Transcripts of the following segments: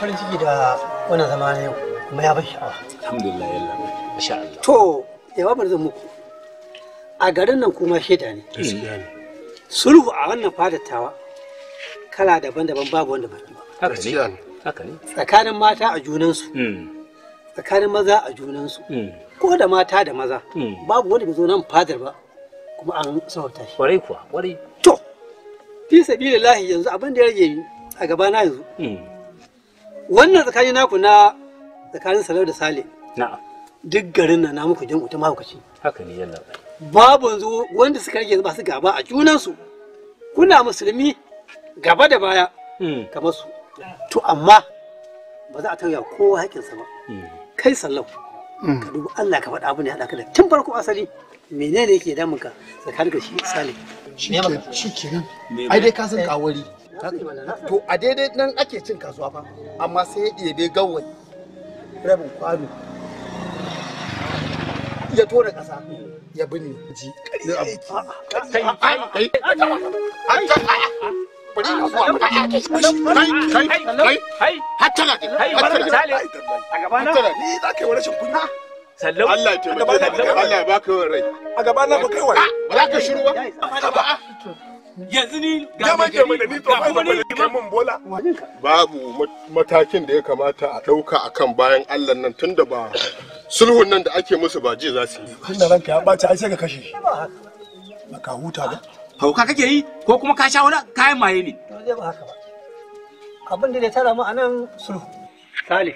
farin ciki da wannan zama na yau kuma ya shi awa. Alhamdulillah yalla masha Allah. To jawabin zan muku a garin nan kuma sheda ne. Sulhu a wannan fadatawa kala daban-daban babu wanda ba. Haka ne. Haka ne. Tsakanin mata a junansu. Hmm. Tsakanin maza a junansu. Hmm. Ko da mata da maza. Hmm. Babu wanda bai zo nan fadar ba. Kuma an sauta shi. Kwarai kuwa, kwarai. To, fi sabilillahi yanzu abin da ya rage a gabana yanzu. wannan tsakanin naku na tsakanin salau da sale duk garin na muku jam'u ta mahaukaci haka ne babu yanzu wanda suka rage masu gaba a junansu kuna musulmi gaba da baya hmm. kamar su to amma ba za a tauya kowa haƙƙinsa ba hmm. kai sallau hmm. ka dubi Allah ka faɗa abu ne haɗa ka da tun farko asali menene yake damunka tsakanin ka shi sale shi kenan ai dai ka san eh. kawari to a daidai nan ake cin kasuwa fa amma sai ya ɗebe gawai rabin kwano ya tona ƙasa ya binne ji Allah ya taimake ka Allah ya baka rai a gaba na ba kai wai ba za ka shiru ba yanzu ni ga magari ga mun bola babu matakin da ya kamata a dauka akan bayan Allah nan tunda ba sulhun nan da ake musu ba ji za su yi tunda ranka ya bace ai sai ka kashe shi ba ka huta ba hauka kake yi ko kuma ka sha wani kayan maye ne to ba haka ba abin da ya tara mu anan sulhu salih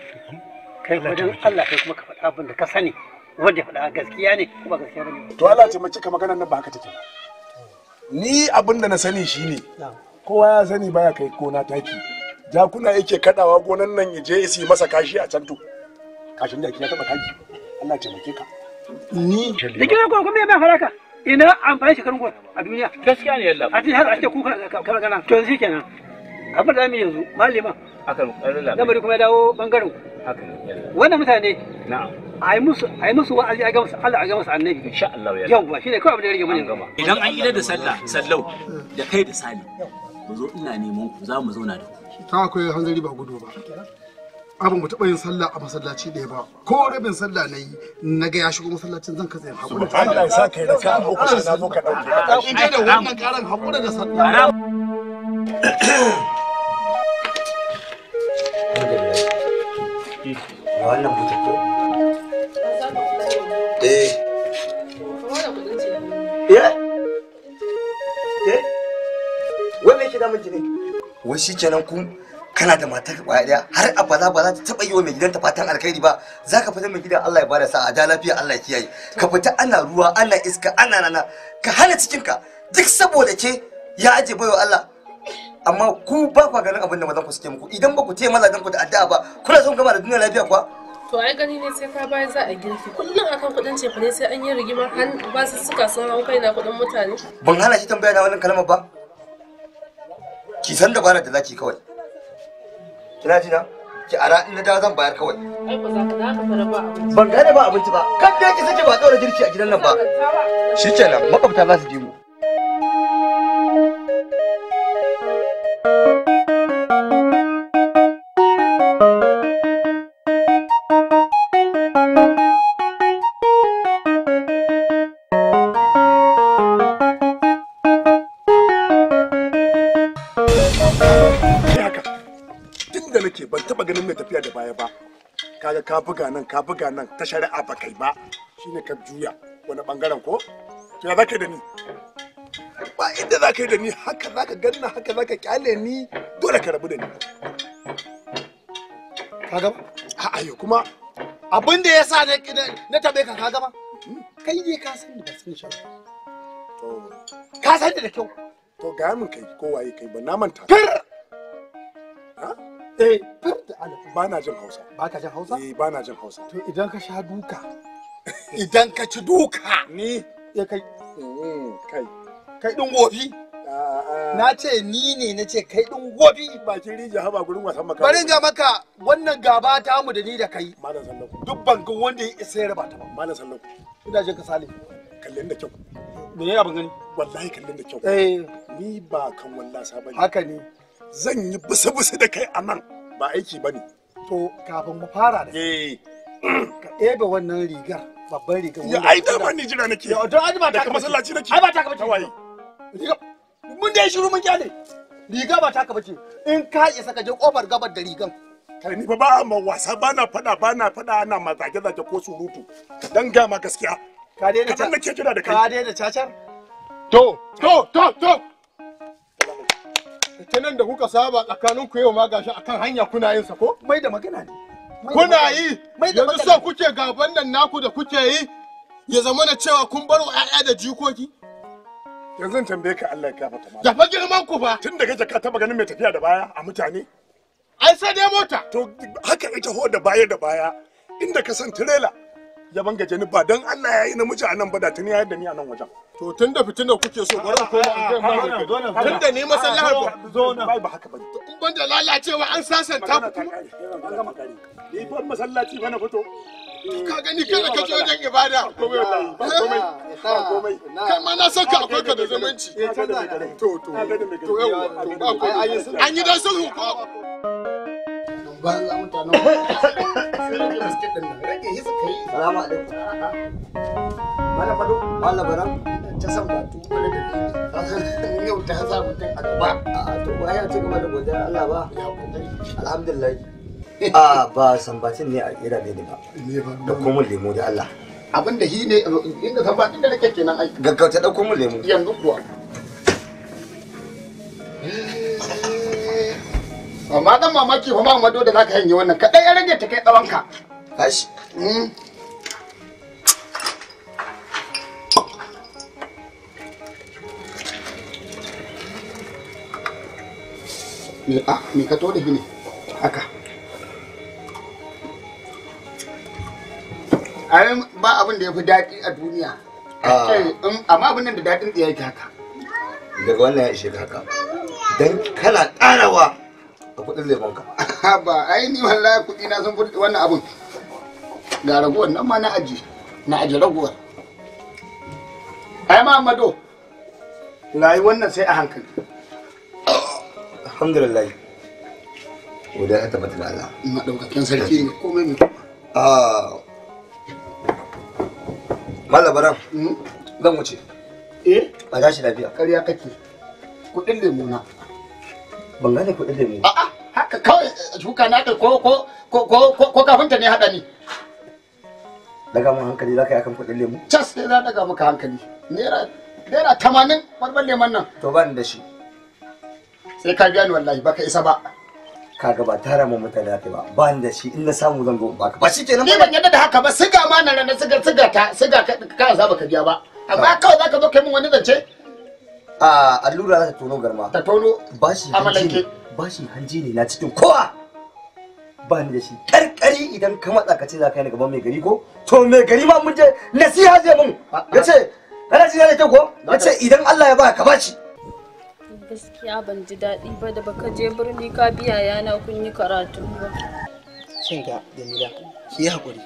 kai wajen Allah kai kuma ka faɗa abin da ka sani wanda faɗa gaskiya ne ko ba gaskiya ne to Allah ya mace ka maganar nan ba haka take ba ni abin da na sani shine kowa ya sani baya kai gona taki jakuna yake kadawa gonan nan ya je isi masa kashi a can to kashin da ya taba taki Allah taimake ka ni likitan ko kuma ba haraka ina amfani shekarun gona a duniya gaskiya ne yalla a ce har a ce kuka kamar gana to yanzu kenan abin da mu yanzu malima akan bari kuma ya dawo bangaren wannan mutane na'am ai musu ai musu wa'azi a ga musu Allah a ga musu annabi insha Allah ya yawa shine kawai abin da rage mana gaba idan an ida da sallah sallau da kai da sani, ku zo ina neman ku za mu zauna da ku ta akwai hanzari ba gudu ba abin mu taɓa yin sallah a masallaci ɗaya ba ko rabin sallah na yi na ga ya shigo masallacin zan katsayin haƙura da Allah ya sa kai da ka uku sai na zo ka ɗauke in da wannan karan haƙura da sallah wannan mutum Eh. Eh? Eh? ku kana da matar kwaya daya har abada ba za ta taba yi wa mai gidanta fatan alkhairi ba za ka fita mai gidan Allah ya bada sa'a da lafiya Allah ya kiyaye ka fita ana ruwa ana iska ana nana ka hana cikin ka duk saboda ke ya aje baiwa Allah amma ku ba kwa ganin abin da mazan ku suke muku idan ba ku taya mazajen ku da addu'a ba kuna son gama da duniya lafiya kuwa to ai gani ne sai ka bayar za a girki kullum akan kudin cefa ne sai an yi rigima har ba su suka sun hau kaina kudin mutane ban hana shi tambaya na wannan kalmar ba ki san da bana da zaki kawai kina ji na ki ara in da zan bayar kawai ai ba za ka da ka ba ban gane ba abinci ba kan da ki sake ba tsora girki a gidan nan ba shikenan makwabta za su ji mu ka buga nan ka buga nan ta shari'a ba kai ba shine ka juya wani bangaren ko to ya zaka da ni ba inda zaka da ni haka zaka ganna haka zaka kyale ni dole ka rabu da ni ka gaba a'a kuma abin da yasa ne na tabe ka kaga gaba kai ne ka san da sun shi to ka san da kyau to ga min kai ko waye kai ba na manta kar eh ba na jin hausa ba ka jin hausa eh ba na jin hausa to idan ka sha duka idan ka ci duka ni ya kai mm-hmm, kai kai din gobi na ce ni ne na ce kai din gobi bakin rija haba gurin wasan maka bari ga maka wannan gaba ta mu da ni da kai malam sallaku duk bankin wanda ya isa ya raba ta ba malam sallaku ina jin ka sale kallin da kyau me ya ban gani wallahi kallin da kyau eh ni ba kan wallasa bane haka ne zan yi busu-busu da kai a nan ba aiki ba ne. To kafin mu fara da eh. ka ɗebe wannan rigar babban rigar wanda ai da ban jira nake ya don aji ba ta kaba masallaci nake ai ba ta kaba tawaye mun dai shiru mun kyale riga ba ta kaba ce in ka isa saka je kofar gabar da rigan kai ni ba ba ma wasa ba na fada ba na fada ana ma zage zage ko surutu dan ga ma gaskiya ka daina cacar ka daina cacar to to to to kenan da kuka saba tsakanin ku yau ma gashi akan hanya kuna yin sa ko mai da magana ne kuna yi yanzu so kuke gaban nan naku da kuke yi ya zama na cewa kun bar wa 'ya'ya da jikoki yanzu in tambaye ka Allah ya gafarta ma da fa girman ku fa tun da kake ka taba ganin mai tafiya da baya a mutane ai sai dai mota to haka ita ho da baya da baya inda ka san tirela ya banga jani ba dan Allah ya yi namiji a nan ba da tuni ya yadda ni a nan wajen to tun da fitinar kuke so bari ku ma an tun da ni masallahar ba zo nan ba haka bane in ban da lalacewa an sasan ta ku kuma ni ban masallaci bana fito ka gani kada ka je wajen ibada komai komai komai kai ma na saka akwai ka da zamanci eh, to to to yawa to ba ko an yi dan sulhu ko ban za mutanen sai rage biskit din nan rage hisa kai salamu alaikum mana fado mallam baran ta san ba tu wani da yau ta a gaba a to ba ya da godiyar Allah ba alhamdulillah a ba sambatin ne a kira ne ba da kuma lemo da Allah abin da shi ne inda sambatin da nake kenan ai gaggauta da kuma lemo yanzu kuwa amma dan mamaki fa ba mado da zaka hanye wannan kadai ya ta kai tsawon ka kashi hmm. a ah, me ka to da gini haka ai ba abin da ya fi daɗi a duniya ah. amma abin nan da daɗin tsaye yake haka daga wannan ya ishe haka dan kana ƙarawa a kuɗin lemonka ba ai ni wallahi kuɗi na sun fi wannan abin ga raguwar nan ma na aji na aji raguwar ai ma amado na yi wannan sai a hankali alhamdulillah godiya ya tabbatar da Allah ina daukakan sarki ne ko mai ah malabaran hmm? zan wuce eh ba za shi lafiya kariya kake kudin lemu na ban gane kuɗin lemu a'a haka kawai juka eh, na ko ko ko ko ko kafinta ne hada ni daga mu hankali za ka yi akan kudin lemu cas sai za daga muka hankali naira naira 80 barbar leman nan to ban da shi sai ka biya ni wallahi baka isa ba kaga ba tara mu mutane ake ba ba ni da shi in na samu zan go baka ba shikenan ni ban yadda da haka ba siga ma na ranar siga siga ta siga ka ka za baka biya ba amma kawai zaka zo kai min wani zance a allura za ta tono garma ta tono bashi hanji shi hanji ne na cikin kowa ba ni da shi karkari idan ka matsa ka ce za ka yi gaban mai gari ko to mai gari ma mun je nasiha zai mun yace kana ji na da kyau ko yace idan Allah ya ba ka bashi gaskiya ban ji daɗi ba da baka je birni ka biya yana kun yi karatu ba kin ga jamila ki yi hakuri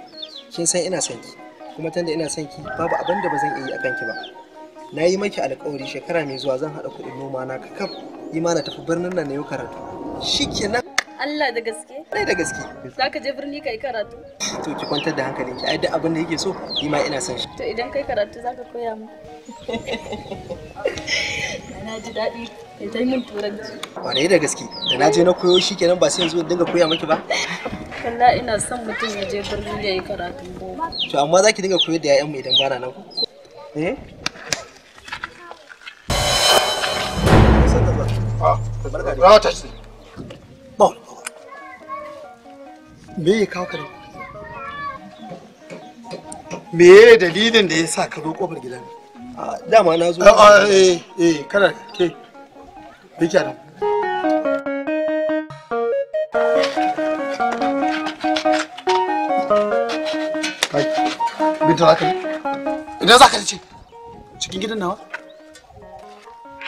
kin san ina son ki kuma tunda ina son ki babu abin da ba zan iya yi akan ki ba na yi maki alƙawari shekara mai zuwa zan haɗa kuɗin noma na kakaf yi mana tafi birnin nan na yi karatu shikenan Allah da gaske? Allah da gaske. Za ka je birni ka yi karatu? To ki kwantar da ki. ai duk abin da yake so, ni ma ina son shi. To idan kai karatu za ka koya mu. Na ji daɗi kai ta min turanci. Kwarai da gaske, da na je na koyo shi kenan ba sai yanzu dinga koya miki ba. Kalla ina son mutum ya je birni ya yi karatu. To amma za ki dinga koyar da 'ya'yanmu idan ba na nan ku. Eh? Ah, barka da. me ya kawo ka nan me ya dalilin da ya sa ka zo kofar gidan dama na zo ah, ah, eh eh kana ke me ke Binta za ka Ina za ka ce? Cikin gidan nawa?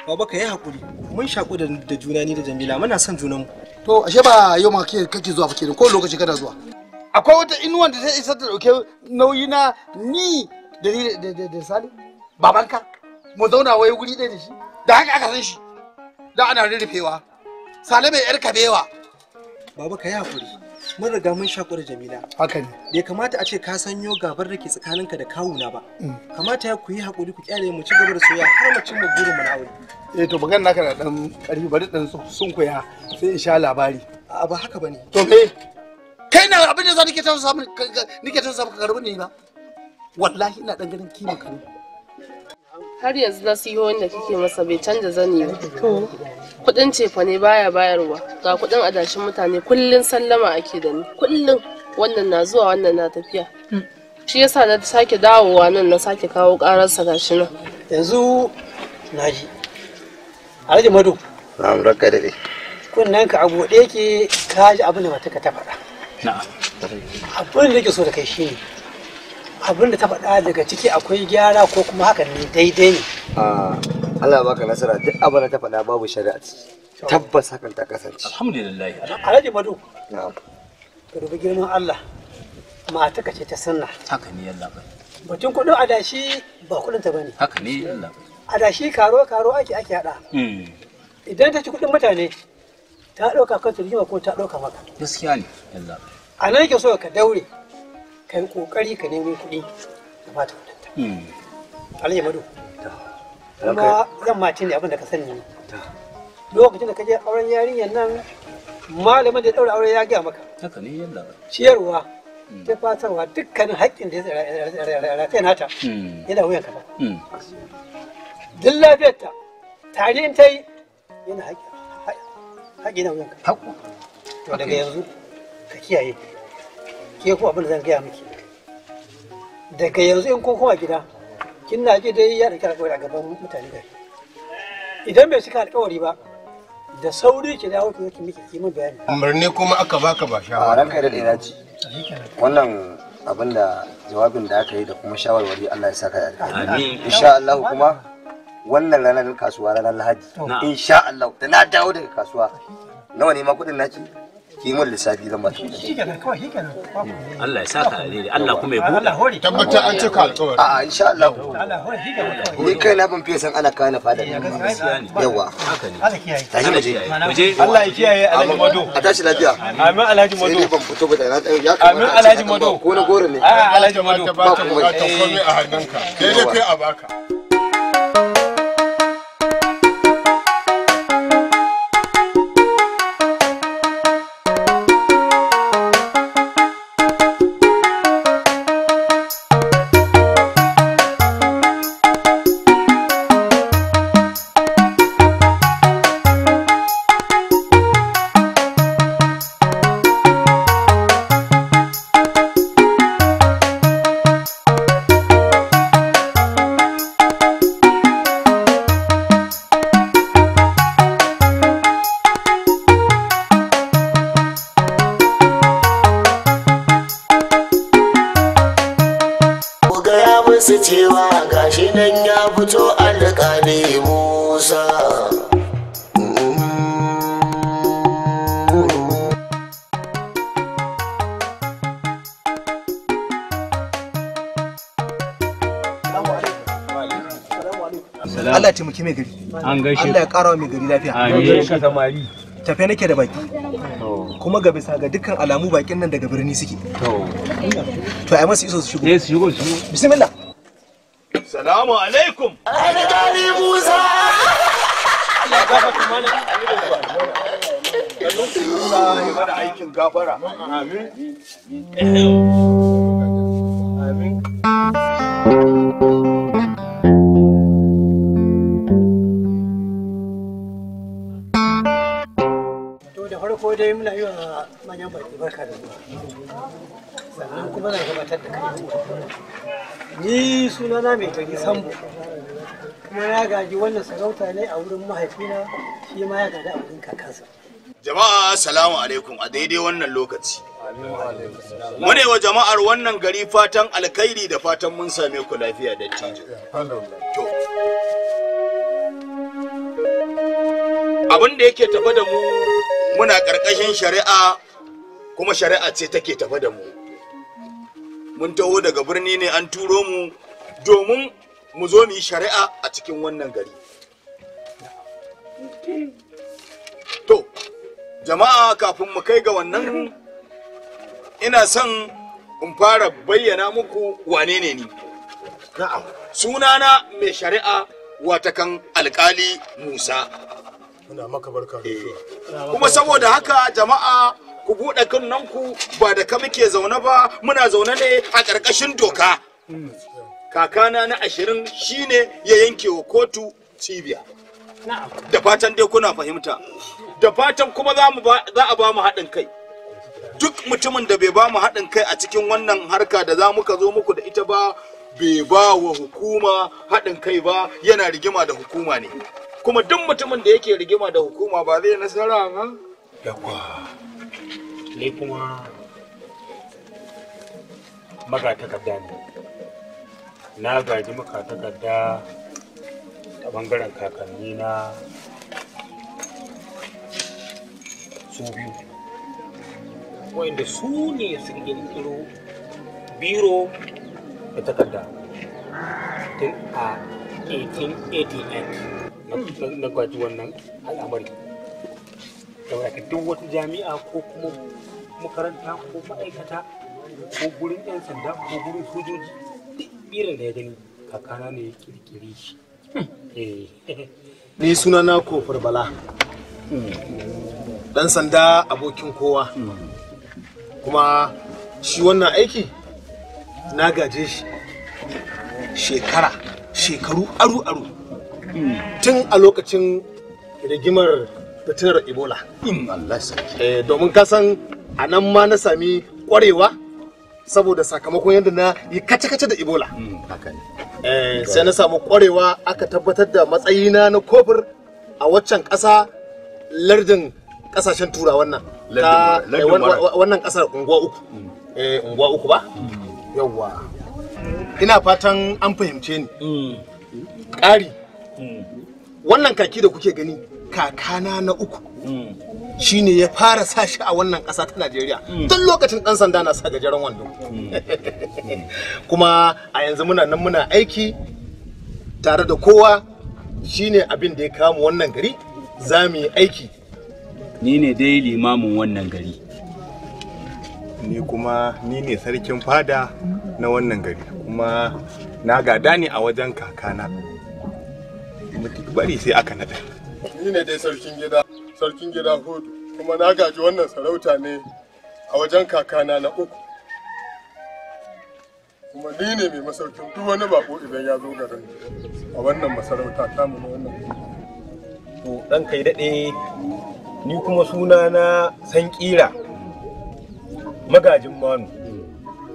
Baba ka yi haƙuri. Mun shaƙu da juna ni da Jamila muna son junanmu. to ashe ba yau ma kake zuwa fake ko lokaci kana zuwa akwai wata inuwan da zai isa ta dauke nauyi na ni da ni da da sali babanka mu zauna wai guri ɗaya da shi da haka aka san shi da ana rurrufewa sale mai yar kabewa baba ka yi hakuri mun riga mun shaku da Jamila. Haka ne. Bai kamata a ce ka sanyo gabar da ke tsakaninka da kawuna ba. Mm. Kamata ya ku yi hakuri ku kyale mu ci gaba da soyayya har mu cimma burin mu na aure. Eh to magana naka da dan ƙarfi bari dan sun ya sai in sha labari. A ba haka bane. To me? Kai na abin da za nake ta samu nake ta samu ka karbi ne ba. Wallahi ina dan ganin kima ka ne. har yanzu nasihohin da kike masa bai canza zani ba kudin cefa ne baya bayarwa ga kudin adashin mutane kullun sallama ake da ni kullun wannan na zuwa wannan na tafiya shi yasa na sake dawowa nan na sake kawo kararsa gashi nan yanzu naji alhaji madu na'am da dai. kunnen ka abu da yake ka ji abin da mataka ta faɗa na'am abin da yake so da kai shine abin da ta faɗa daga ciki akwai gyara ko kuma hakan ne daidai ne Allah baka nasara duk abin da ta faɗa babu shari'a tabbas hakan ta kasance alhamdulillah alhaji madu ka dubi girman Allah mata ka ce ta sanna haka ne yalla ba. batun kudin adashi ba kudin ta bane haka ne yalla ba. adashi karo karo ake ake hada hmm. idan ta ci kudin mutane ta dauka kan turjima ko ta dauka maka gaskiya ne yalla a nan ke so ka daure ka yi kokari ka nemi kuɗi ka ba ta kuɗinta hmm. alayya mado kuma zan mace ne abin da ka sani lokacin da ka je auren yarinyar nan malamin da daura auren ya gaya maka haka ne yalla ciyarwa hmm. ta fatarwa dukkanin haƙƙin da ya rataye nata hmm. yana wuyan ka ba duk lafiyarta tare ta yi yana haƙƙi na wuyan ka to daga yanzu ka kiyaye ke ku abin da zan gaya miki daga yanzu in ko kowa gida kin na ji dai ya da alƙawari a gaban mutane gari idan bai cika alƙawari ba da sauri ki dawo ki yi miki kimin bayani umarni kuma aka baka ba shawara ranka da na ci wannan abin da jawabin da aka yi da kuma shawarwari Allah ya saka ya insha Allah kuma wannan ranar kasuwa ranar Lahadi insha Allah da na dawo daga kasuwa nawa ne ma kudin naki ki mun lissafi zan ba ta Allah ya saka alheri Allah kuma ya buɗe tabbatar an cika alƙawari a insha Allah ni kai na ban fiye san ana kawo na fada yawa haka ne tashi Allah ya kiyaye Alhaji Mado a tashi lafiya amin Alhaji Mado sai ban fito ba da ya kama amin Alhaji Mado ko na goro ne a Alhaji Mado ba kuma komai a hannunka kai dai kai a baka an gaishe Allah ya ƙara mai gari lafiya amin ka samari tafe nake da baki kuma ga bisa ga dukkan alamu bakin nan daga birni suke to ai masu iso su shigo eh su shigo su bismillah salamu alaikum alƙali musa Allah ya gafarta mana da aikin gafara amin eh. amin dai muna yi wa manyan baki barka da zuwa sannan kuma na gabatar da kai ni sunana mai gari sambo kuma ya gaji wannan sarauta ne a wurin mahaifina shi ma ya gaji a wurin kakansa jama'a salamu alaikum a daidai wannan lokaci mune wa jama'ar wannan gari fatan alkhairi da fatan mun same ku lafiya da tijo abin da yake tafa da mu muna ƙarƙashin shari'a kuma shari'a ce take tafe da mu mun taho daga birni ne an turo mu domin mu zo mu yi shari'a a cikin wannan gari to jama'a kafin mu kai ga wannan ina son in fara bayyana muku wane ne ni sunana mai shari'a watakan alkali musa Eh. kuma saboda haka jama'a ku buɗe ku ba da ka muke zaune ba muna zaune ne a ƙarƙashin doka kakana na ashirin shine ya yanke wa kotu cibiya da fatan dai kuna fahimta da fatan kuma za a ba mu haɗin kai duk mutumin da bai ba mu haɗin kai a cikin wannan harka da za muka zo muku da ita ba bai ba wa hukuma haɗin kai ba yana rigima da hukuma ne kuma duk mutumin da yake rigima da hukuma ba zai nasara ba yawa ne kuma magatakarda ne na gaji maka ta bangaren kakanni na su biyu wanda su ne su kirkiro biro da takarda tun a 1888 na kwaci wannan al'amari saboda duk wata jami'a ko kuma makaranta ko ma'aikata ko gurin 'yan sanda ko gurin sojoji irin da ya gani kakana ne ya kirkiri shi eh. ni suna na kofar bala dan sanda abokin kowa kuma shi wannan aiki na gaje shi shekara shekaru aru-aru tun a lokacin rigimar fitinar ebola eh, domin kasan a nan ma na sami kwarewa saboda sakamakon yadda na yi kace-kace da ebola mm, eh, sai na samu kwarewa aka tabbatar da matsayina na kofur a waccan ƙasa lardin ƙasashen tura eh, wannan wannan ƙasar unguwa uku mm. unguwa uku ba mm. yawwa ina fatan an fahimce ni ƙari wannan kaki da kuke gani kakana na uku shine ya fara sa shi a wannan ƙasa ta Najeriya tun lokacin ɗan sanda na sa gajeren wando kuma a yanzu muna nan muna aiki tare da kowa shine abin da ya kama wannan gari za mu yi aiki ni ne dai limamin wannan gari ni kuma ni ne sarkin fada na wannan gari kuma na gada ne a wajen kakana bari sai aka naɗa. Ni ne dai sarkin gida, sarkin gida hudu, kuma na gaji wannan sarauta ne a wajen kakana na uku. Kuma ni ne mai masaukin duk wani bako idan ya zo garin a wannan masarauta ta mu wannan. To ɗan kai daɗe ni kuma suna na san ƙira magajin manu.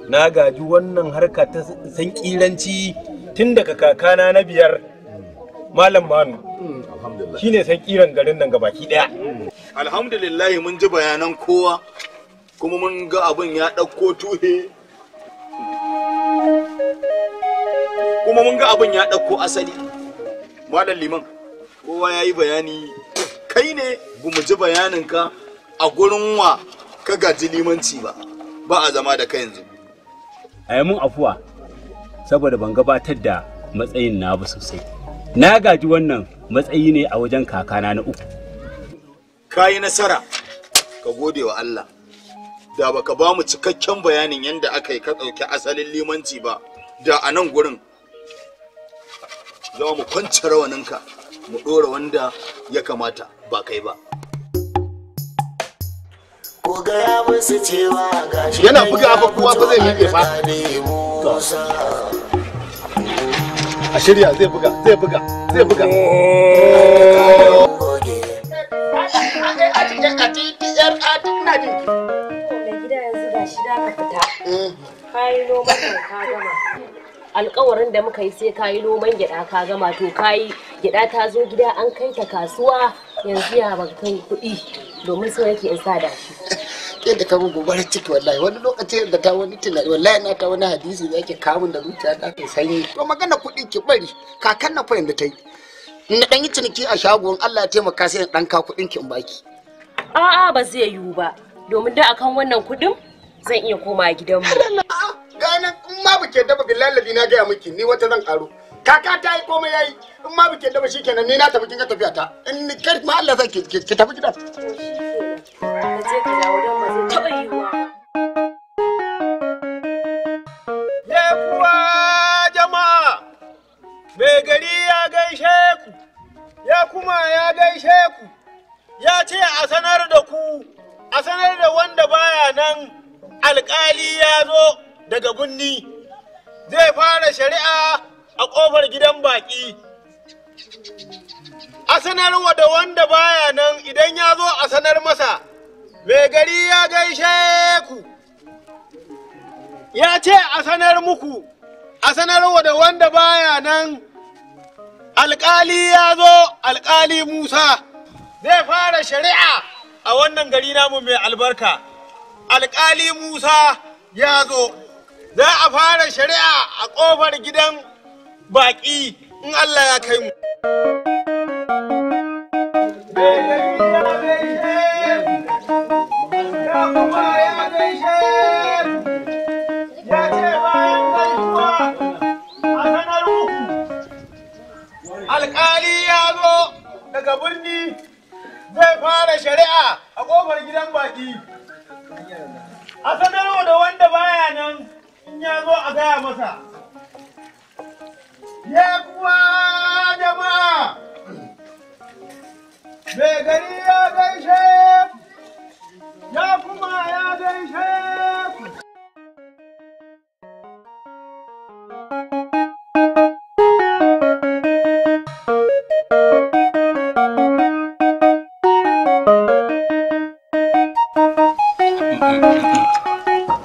Na gaji wannan harka ta san ƙiranci tun daga kakana na biyar. malam manu hmm. ne san kiran garin nan gabaki daya hmm. alhamdulillah mun ji bayanan kowa kuma mun ga abin ya ɗauko tuhe kuma mun ga abin ya ɗauko asali malam liman kowa ya yi bayani kai ne ba mu ji bayaninka a gurin wa ka gaji limanci ba ba a zama da kai yanzu a mun afuwa saboda ban gabatar da matsayin na ba sosai na gaji wannan matsayi ne a wajen kakana na uku ka nasara ka gode wa Allah da baka ba mu cikakken bayanin yadda aka yi ka ɗauki asalin limanci ba da a nan gurin za mu kwanci rawaninka mu ɗora wanda ya kamata ba kai ba yana buga abubuwa ba zai yi ba a shirya zai buga zai buga zai buga alkawarin da muka yi sai ka yi noman gyaɗa ka gama to ka yi ta zo gida an kai ta kasuwa yanzu ya ban kai kuɗi domin sai yake in sa da shi yadda ka gobara ciki wallahi wani lokaci da ta wani tunani wallahi na ta wani hadisi da yake kamun da zuciya ta kai sanyi to magana kuɗi ki bari kakan na fahimta ta yi na dan yi ciniki a shagon Allah ya taimaka sai dan ka kuɗin ki in baki a'a ba zai yiwu ba domin da akan wannan kuɗin zan iya koma gidanmu ganin in ma ba ke daba lallabi na gaya miki ni wata zan karo kaka ta yi komai yayi in ma ba ke daba kenan ni na tafi kin tafiya ta in kar ma Allah zan ki tafi gidan nan jama'a mai gari ya gaishe ku ya kuma ya gaishe ku ya ce a sanar da ku a sanar da wanda baya nan alƙali ya zo daga gunni zai fara shari'a a ƙofar gidan baƙi. a sanarwa da wanda baya nan idan ya zo a sanar masa mai gari ya gaishe ku ya ce a sanar muku a sanarwa da wanda baya nan alƙali ya zo alƙali musa zai fara shari'a a wannan gari namu mai albarka alƙali musa ya zo za a fara shari'a a ƙofar gidan baƙi in allah ya kai mu alƙali ya zo daga birni zai fara shari'a a ƙofar gidan baki a sanarwa da wanda baya nan in ya zo a gaya masa ya kuwa jama'a mai gari ya gaishe ya kuma ya gaishe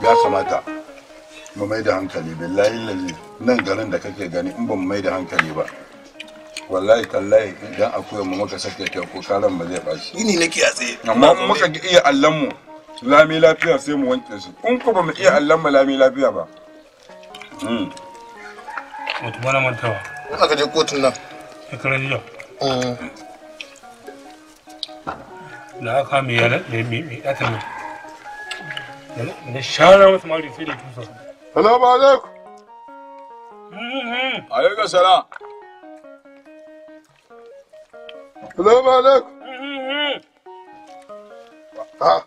ya kamata da hankali billahi nan garin da kake gani in ba mu mai da hankali ba wallahi tallahi idan akwai mu muka sake ta ko karan ba zai bashi ni ne ke tsaye amma muka iya allan mu lami lafiya sai mu wanke su kun ko ba mu iya allan mu lami lafiya ba mm mutum mana mantawa aka je kotun nan ya karan jiya hmm. da aka mai yana mi mi aka mai da shara wasu mari sai da tusa salamu alaikum hmm, hmm, alaikum salam Salamu alaikum. Ah,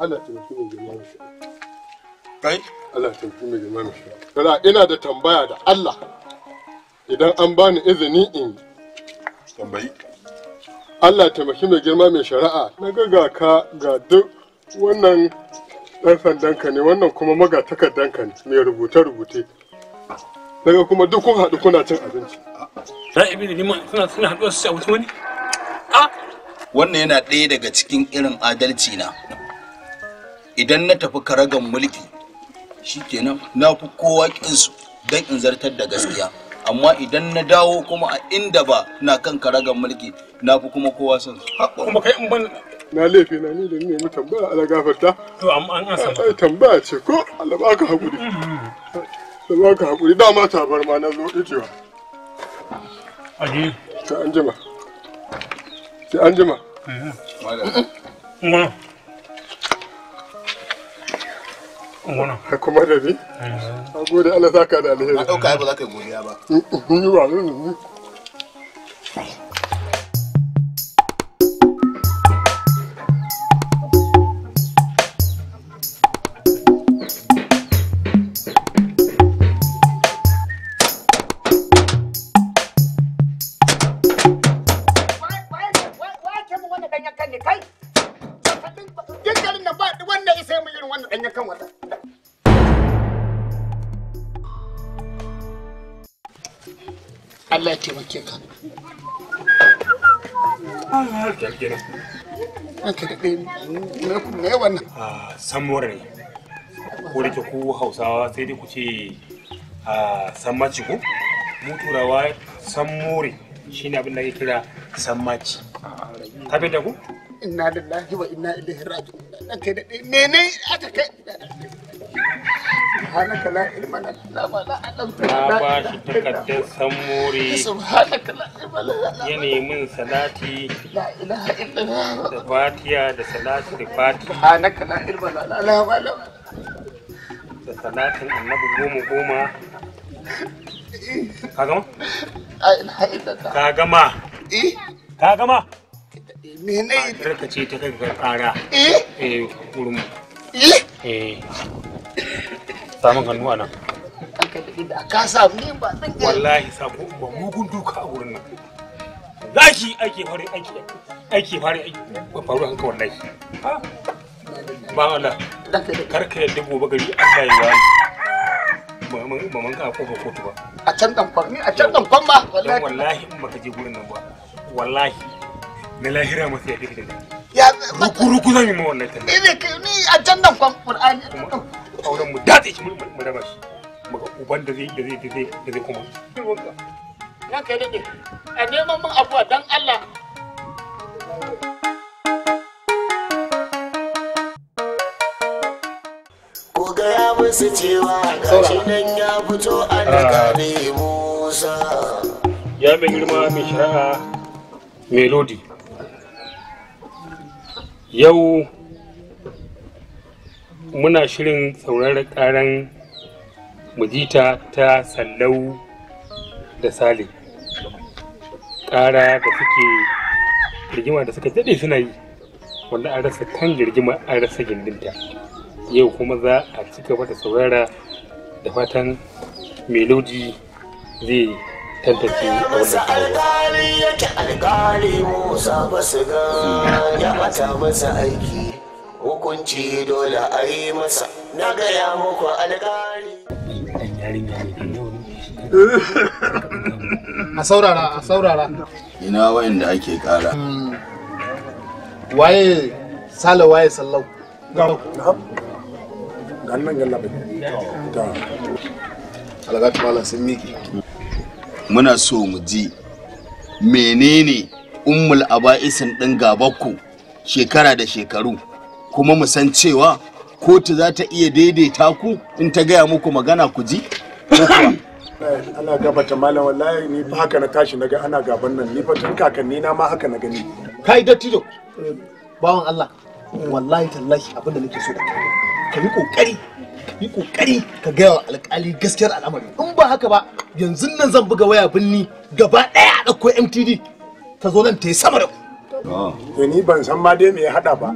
Allah ta mutu mai jama'a shi. Kai? Allah ta mutu mai jama'a shi. ina da tambaya da Allah. Idan an bani izini in tambayi. Allah taimaki mai girma mai shari'a na ga ka ga duk wannan ɗan sandanka ne wannan kuma magatakardanka ne mai rubuta-rubute. daga kuma duk kun haɗu kuna cin abinci. Ra'ibi da liman suna haɗuwa su ci abinci wani? wannan yana ɗaya daga cikin irin adalci na idan na tafi karagan mulki shikenan na fi kowa ƙinsu don in zartar da gaskiya amma idan na dawo kuma a inda ba na kan karagan mulki na fi kuma kowa son kuma kai in ban na laifi na ni da ni mu tambaya ala gafarta to amma an asa ba tambaya ce ko Allah baka hakuri mm-hmm. Allah baka hakuri dama tabar ma na zo ijewa aje ka anjima sai an jima kuma da ni? A gode Allah saka da alheri. A ɗauka ai ba za ka yi godiya ba. Ni ba, ni. kai me wannan a samuwar ne ko da ku hausawa sai dai ku ce a sammaci ko mu turawa sammore shine abin da ake kira sammaci ka fi da ku inna wa inna ilaihi raji'un ne ne aka kai subhanaka la na ba shi takardar samuri subhanaka la ilma lana ya nemi salati da fatiya da salati da fatiha da salatin annabi goma goma ka gama la ilaha illallah ka eh? ne ce ta kai kara eh eh kurum eh eh samun hannu ana ka samu ne ba zan wallahi sabu ba mugun duka a wurin nan zaki ake fare aiki aiki fare aiki ba faru hanka wallahi ba wala kar ka yadda gobe gari Allah ya yi ba man ka kofa kotu ba a can dan ni a can dan fan ba wallahi wallahi in baka je gurin nan ba wallahi na lahira masu yadda kake ya ruku zan yi ne ni a can nan kwan qur'ani auren mu da zai da zai da zai da zai kuma na kai dade a neman dan Allah ah. ya mai girma mai shari'a melody yau muna shirin saurara karan mujita ta sallau da sale kara da suke rigima da suka daɗe suna yi wanda an rasa kan girgima a rasa gindinta yau kuma za a ci gaba da saurara da fatan melodi zai tantance abin da ya yake alƙali musa ba su ga ya mata masa aiki hukunci dole a yi masa na gaya muku alƙali a saurara a saurara ina wayan da ake kara hmm. waye sale waye sallau gannan ga sun miki muna so mu ji menene ummul aba'isin ɗin gabakku shekara da shekaru kuma mu san cewa kotu za ta iya daidaita ku in ta gaya muku magana ku ji ana gabata malam wallahi ni fa haka na tashi naga ana gaban nan ni fa tun kakanni na ma haka na gani kai dattijo bawan Allah wallahi tallahi abin da nake so da kai ka yi kokari ka yi kokari ka gaya wa alƙali gaskiyar al'amari in ba haka ba yanzu nan zan buga waya binni gaba ɗaya a ɗauko mtd ta zo nan ta yi sama da ku ah. to ni ban san ma dai me ya hada ba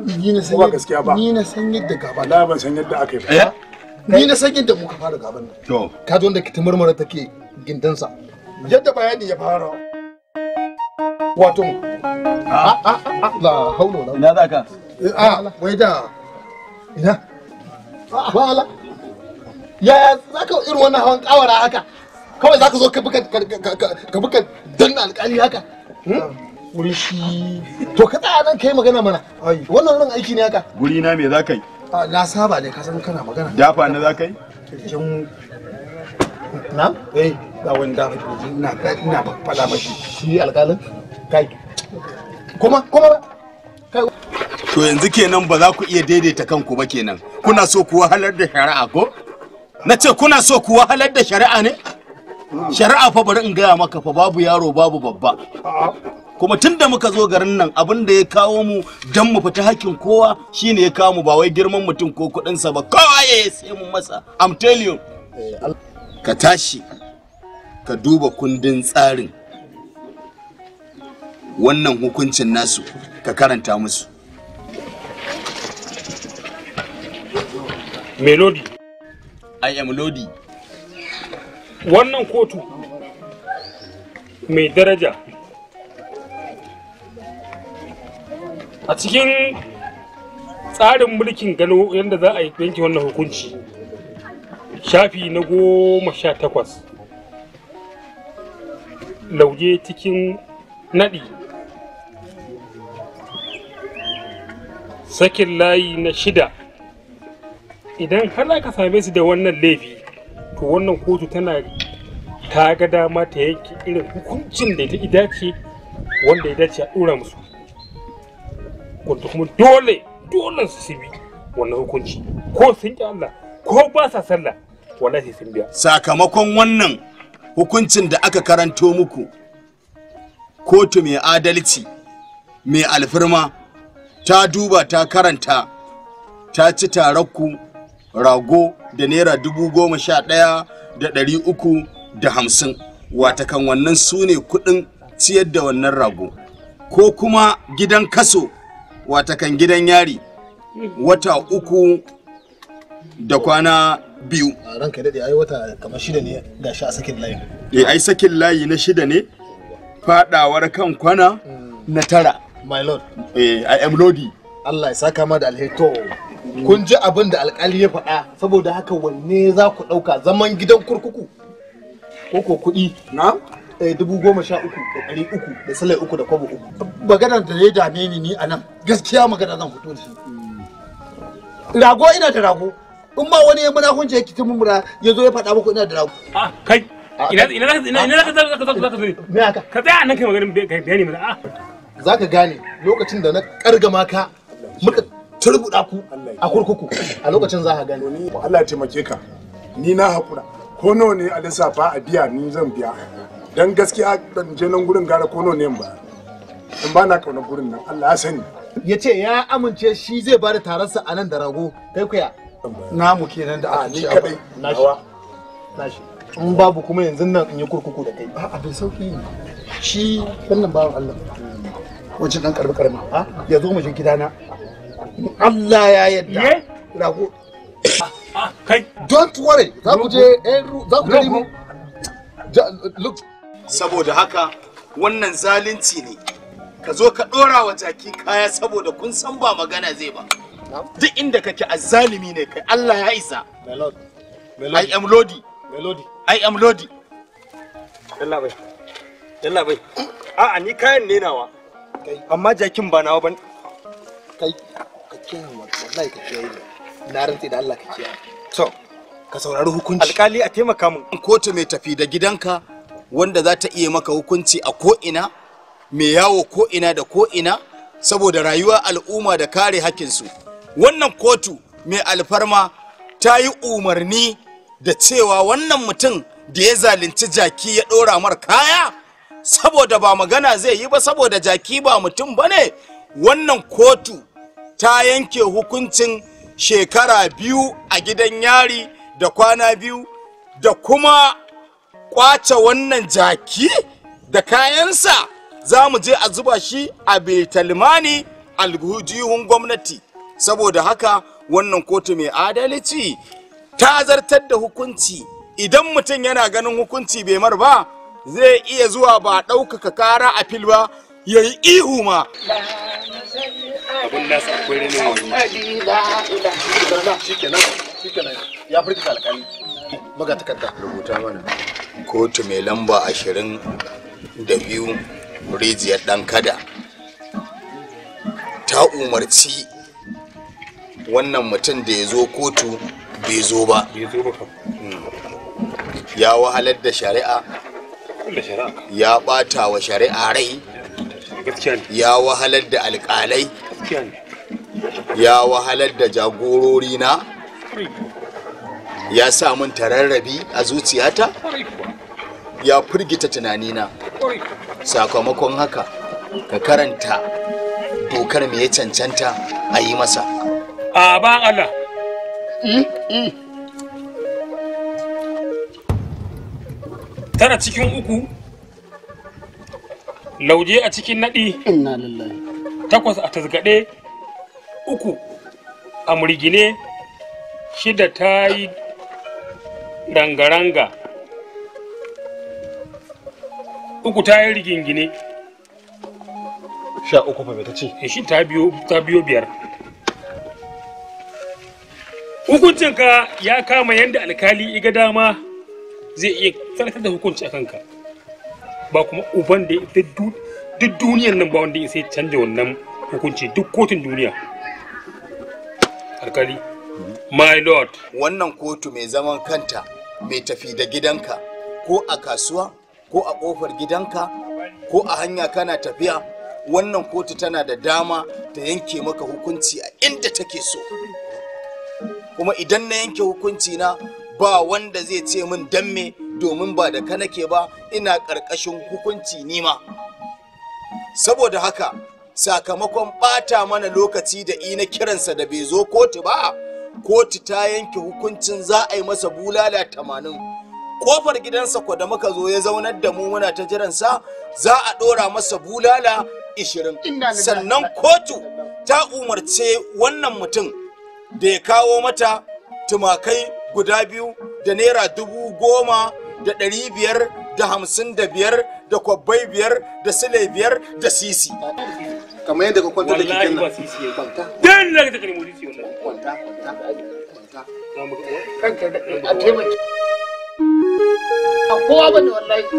kuma gaskiya ba ni na san yadda gaba na ban san yadda aka yi ba eh? ni na san yadda muka fara gaban nan to ka zo da kitimar murmura take gindansa yadda bayani ya fara wato ah. la haulo la ina zaka eh, a wai da ina ba ala ya zaka irin wannan hawan kawara haka kawai za ka zo ka bi ka danna alƙali haka hmm? ah. wuri shi to ka tsaya nan kai magana mana wannan ran aiki ne haka guri na me za ka yi na saba ne ka san kana magana dafa na za ka yi na eh ga wani dafa ina ina fada mashi shi alƙalin kai kuma kuma kai to yanzu kenan ba za ku iya daidaita kanku ba kenan kuna so ku wahalar da shari'a ko na ce kuna so ku wahalar da shari'a ne shari'a fa bari in gaya maka fa babu yaro babu babba kuma tun da muka zo garin nan abin da ya kawo mu don mu fita hakkin kowa shine ya kawo mu ba wai girman mutum ko kuɗinsa ba kowa ya sai mu masa i'm you ka tashi ka duba kundin tsarin wannan hukuncin nasu ka karanta musu melody i am melody wannan kotu mai daraja a cikin tsarin mulkin gano yadda za a yanke wannan hukunci shafi na goma sha takwas lauje cikin naɗi sakin layi na shida idan har aka same su da wannan laifi to wannan kotu tana ta ga dama ta yanke irin hukuncin da ya dace wanda ya dace a ɗora musu wanda kuma dole dole su bi wannan hukunci ko sun ki Allah ko ba sa sallah wallahi sun biya sakamakon wannan hukuncin da aka karanto muku kotu mai adalci mai alfirma ta duba ta karanta ta ci tarakku rago da naira dubu goma sha ɗaya da ɗari uku da hamsin watakan wannan su ne kuɗin ciyar da wannan rago ko kuma gidan kaso watakan gidan yari wata uku da kwana biyu ranka daɗe ai wata kamar shida ne ga shi a sakin layi eh ai sakin layi na shida ne fadawar kan kwana mm. na tara my lord eh i am lodi allah ya saka ma da alheri to kun ji abin da alkali ya faɗa saboda haka wanne za ku ɗauka zaman gidan kurkuku ko ko kuɗi na eh, dubu goma sha uku da ɗari uku da salai uku da kwabo uku maganar da ya dame ni ni a nan gaskiya magana zan fito da shi rago ina da rago in ma wani ya munafunci ya kitin mura ya zo ya faɗa muku ina da rago ah, kai ah, eh. ina ina ina ina ka zaka zaka zaka me haka ka tsaya nan kai maganin bayani mana ah. za ka gane lokacin da na kargama ka muka turbuɗa ku a kurkuku a lokacin za ka gani. Allah taimake ka ni na haƙura ko nawa ne a lissafa a biya ni zan biya dan gaskiya ban je nan gurin gara ko nawa ne ba in ba na ƙaunar gurin nan Allah ya sani. Ya ce ya amince shi zai ba da tararsa a nan da rago kai kuya. Namu kenan da aka ci a kadai nawa. Nashi. In babu kuma yanzu nan in yi kurkuku da kai. a bai sauki ne. Shi wannan bawan Allah. Wajen ɗan karbi karma. Ya zo mu je gidana. Allah ya yadda rago kai don't worry za ku je za ku je look saboda haka wannan zalunci ne ka zo ka dora wa jaki kaya saboda kun san ba magana zai ba duk inda kake azzalimi ne kai Allah ya isa I am Lodi Melody I am Lodi Yalla bai Yalla bai a'a ni kayan ne nawa amma jakin ba nawa ba kai ka kiyaye wallahi ka kiyaye na rantsi da Allah ka kiyaye to ka saurari hukunci alkali a taimaka mun kotu mai tafi da gidanka wanda za ta iya maka hukunci a ko ina mai yawo ko ina da ko ina saboda rayuwa al'umma da kare hakkinsu wannan kotu mai alfarma ta yi umarni da cewa wannan mutum da ya zalunci jaki ya ɗora mar kaya saboda ba magana zai yi ba saboda jaki ba mutum ba ne wannan kotu ta yanke hukuncin shekara biyu a gidan yari da kwana biyu da kuma kwace wannan jaki da kayansa za mu je a zuba shi a betalmani alhujihun gwamnati saboda haka wannan kotu mai adalci ta zartar da hukunci idan mutum yana ganin hukunci bai mar ba zai iya zuwa ba ɗaukaka kara a fil ba ya yi ihu ma abun wani ya furta buga takarda rubuta mana kotu mai lamba ashirin da biyu rijiyar ɗan kada ta umarci wannan mutum da ya zo kotu bai zo ba hmm. ya wahalar da shari'a ya ɓata wa shari'a rai ya wahalar da alƙalai ya wahalar da jagorori na ya sa min tararrabi a zuciyata ya firgita tunanina sakamakon haka ka karanta dokar me ya cancanta a yi masa a ba Allah mm, mm. tana cikin uku lauje a cikin naɗi inna lillahi takwas a tasgaɗe uku a murgine shida ta yi rangaranga uku ta yi rigingine sha uku fa ta ce eh, shi ta biyo ta biyo biyar hukuncinka ya kama yadda alkali iga dama zai iya tsarkar da hukunci a kanka ba kuma uban da ya duk duniyar nan ba wanda ya sai canja wannan hukunci duk kotun duniya alkali my lord wannan kotu mai zaman kanta mai tafi da gidanka ko a kasuwa ko a kofar gidanka ko a hanya kana tafiya wannan kotu tana da dama ta yanke maka hukunci a inda take so kuma idan na yanke hukunci na ba wanda zai ce min dan domin ba da ka nake ba ina ƙarƙashin hukunci nima saboda haka sakamakon ɓata mana lokaci da ina kiransa da bai zo kotu ba kotu ta yanke hukuncin za a yi masa bulala tamanin kofar gidansa ko da muka zo ya zaunar da mu muna ta jiransa za a ɗora masa bulala ishirin sannan kotu ta umarce wannan mutum da ya kawo mata tumakai guda biyu da naira dubu goma da ɗari biyar da hamsin da biyar da kwabbai biyar da sile biyar da sisi kamar yadda ka kwanta da kikin nan kwanta dan da kwanta kwanta a a kowa wallahi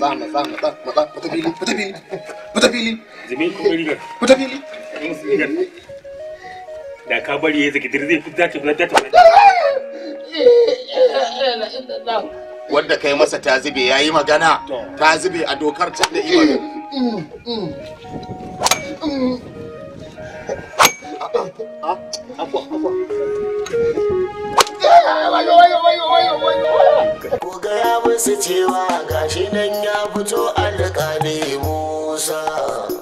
maza maza maza maza fili fili fili fili da ka bari ya zaki zai fi dace na dace wanda kai masa ta zube yi magana ta zube a dokar can da ima koga ya musu cewa gashi nan ya fito alƙali Musa.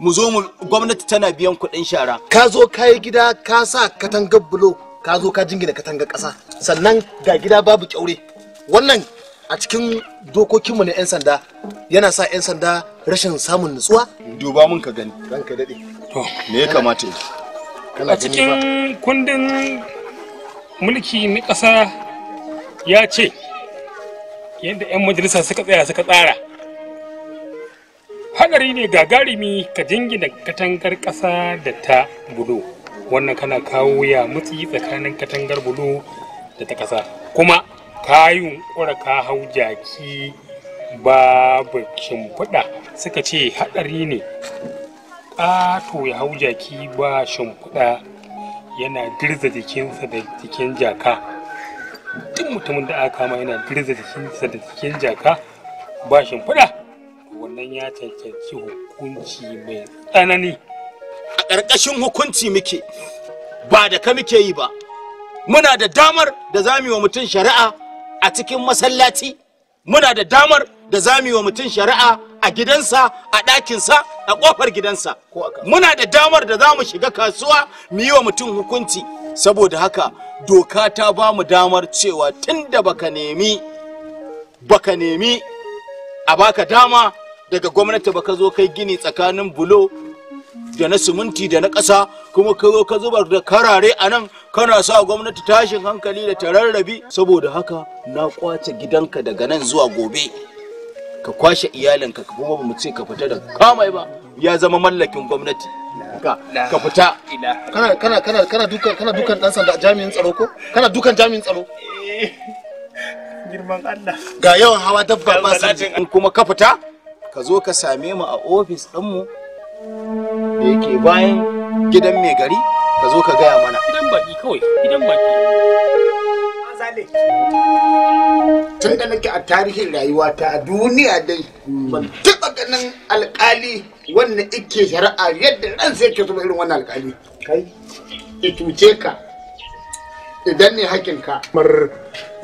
mu zo mu gwamnati tana biyan kuɗin shara ka zo kayi gida ka sa katangar bulo ka zo ka jingina katangar ƙasa sannan ga gida babu kyaure wannan a cikin dokokinmu na 'yan sanda yana sa 'yan sanda rashin samun nutsuwa duba mun ka gani ranka daɗe to me ya kamata a cikin kundin mulki na ƙasa ya ce yadda 'yan majalisa suka tsaya suka tsara hadari ne ga galimi ka jingina katangar ƙasa da ta bulo wannan kana kawo ya mutsi tsakanin katangar bulo da ta ƙasa kuma kayun yunƙura ka hau jaki babu shimfiɗa suka ce hadari ne ƙato ya hau jaki ba shimfiɗa yana girza jikinsa da jikin jaka duk mutumin da aka kama yana girza jikinsa da jikin jaka ba shimfiɗa wannan ya cancanci hukunci mai tsanani a ƙarƙashin hukunci muke ba da ka muke yi ba muna da damar da za mu yi wa mutum shari'a a cikin masallaci muna da damar da za mu yi wa mutum shari'a a gidansa a ɗakinsa a ƙofar gidansa muna da damar da za mu shiga kasuwa mu yi wa mutum hukunci saboda haka doka ta ba mu damar cewa tun da baka nemi baka nemi a baka dama daga gwamnati ba ka zo kai gini tsakanin bulo da na siminti da na ƙasa kuma ka zo ka zubar da karare a nan kana sa gwamnati tashin hankali da tararrabi saboda haka na kwace gidanka daga nan zuwa gobe ka kwashe iyalinka ka kuma mu ce ka fita da kamai ba ya zama mallakin gwamnati ka fita kana kana kana kana dukan kana dukan dan sanda jami'in tsaro ko kana dukan jami'in tsaro eh, girman Allah ga yawan hawa dabba ba sai kuma ka fita ka zo ka same mu a ofis ɗinmu da yake bayan gidan mai gari ka zo ka gaya mana gidan baki kawai gidan baki tun da nake a tarihin rayuwata a duniya dai ban taɓa ganin alƙali wannan ike shari'a yadda ran sai ke zuba irin wannan alƙali kai ya ka idan ne hakinka mar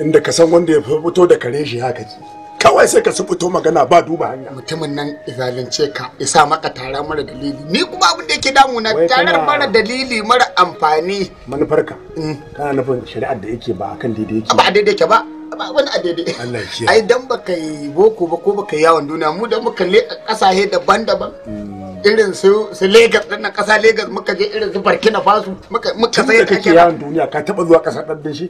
inda ka san wanda ya fito da kare shi haka ji kawai sai ka su fito magana ba duba hanya mutumin nan izalince ka isa maka tara mara dalili ni kuma abin da yake damu na tarar mara dalili mara amfani manufarka mm. kana nufin shari'ar da yake ba kan daidai yake ba a daidai yake ba ba wani a daidai ai dan baka yi boko ba ko baka yawon duniya mu da muka le a kasashe daban-daban mm. irin su su Lagos din nan kasa Lagos muka je irin su Burkina Faso muka muka sai ke yawon duniya ka taba zuwa kasa dan dishi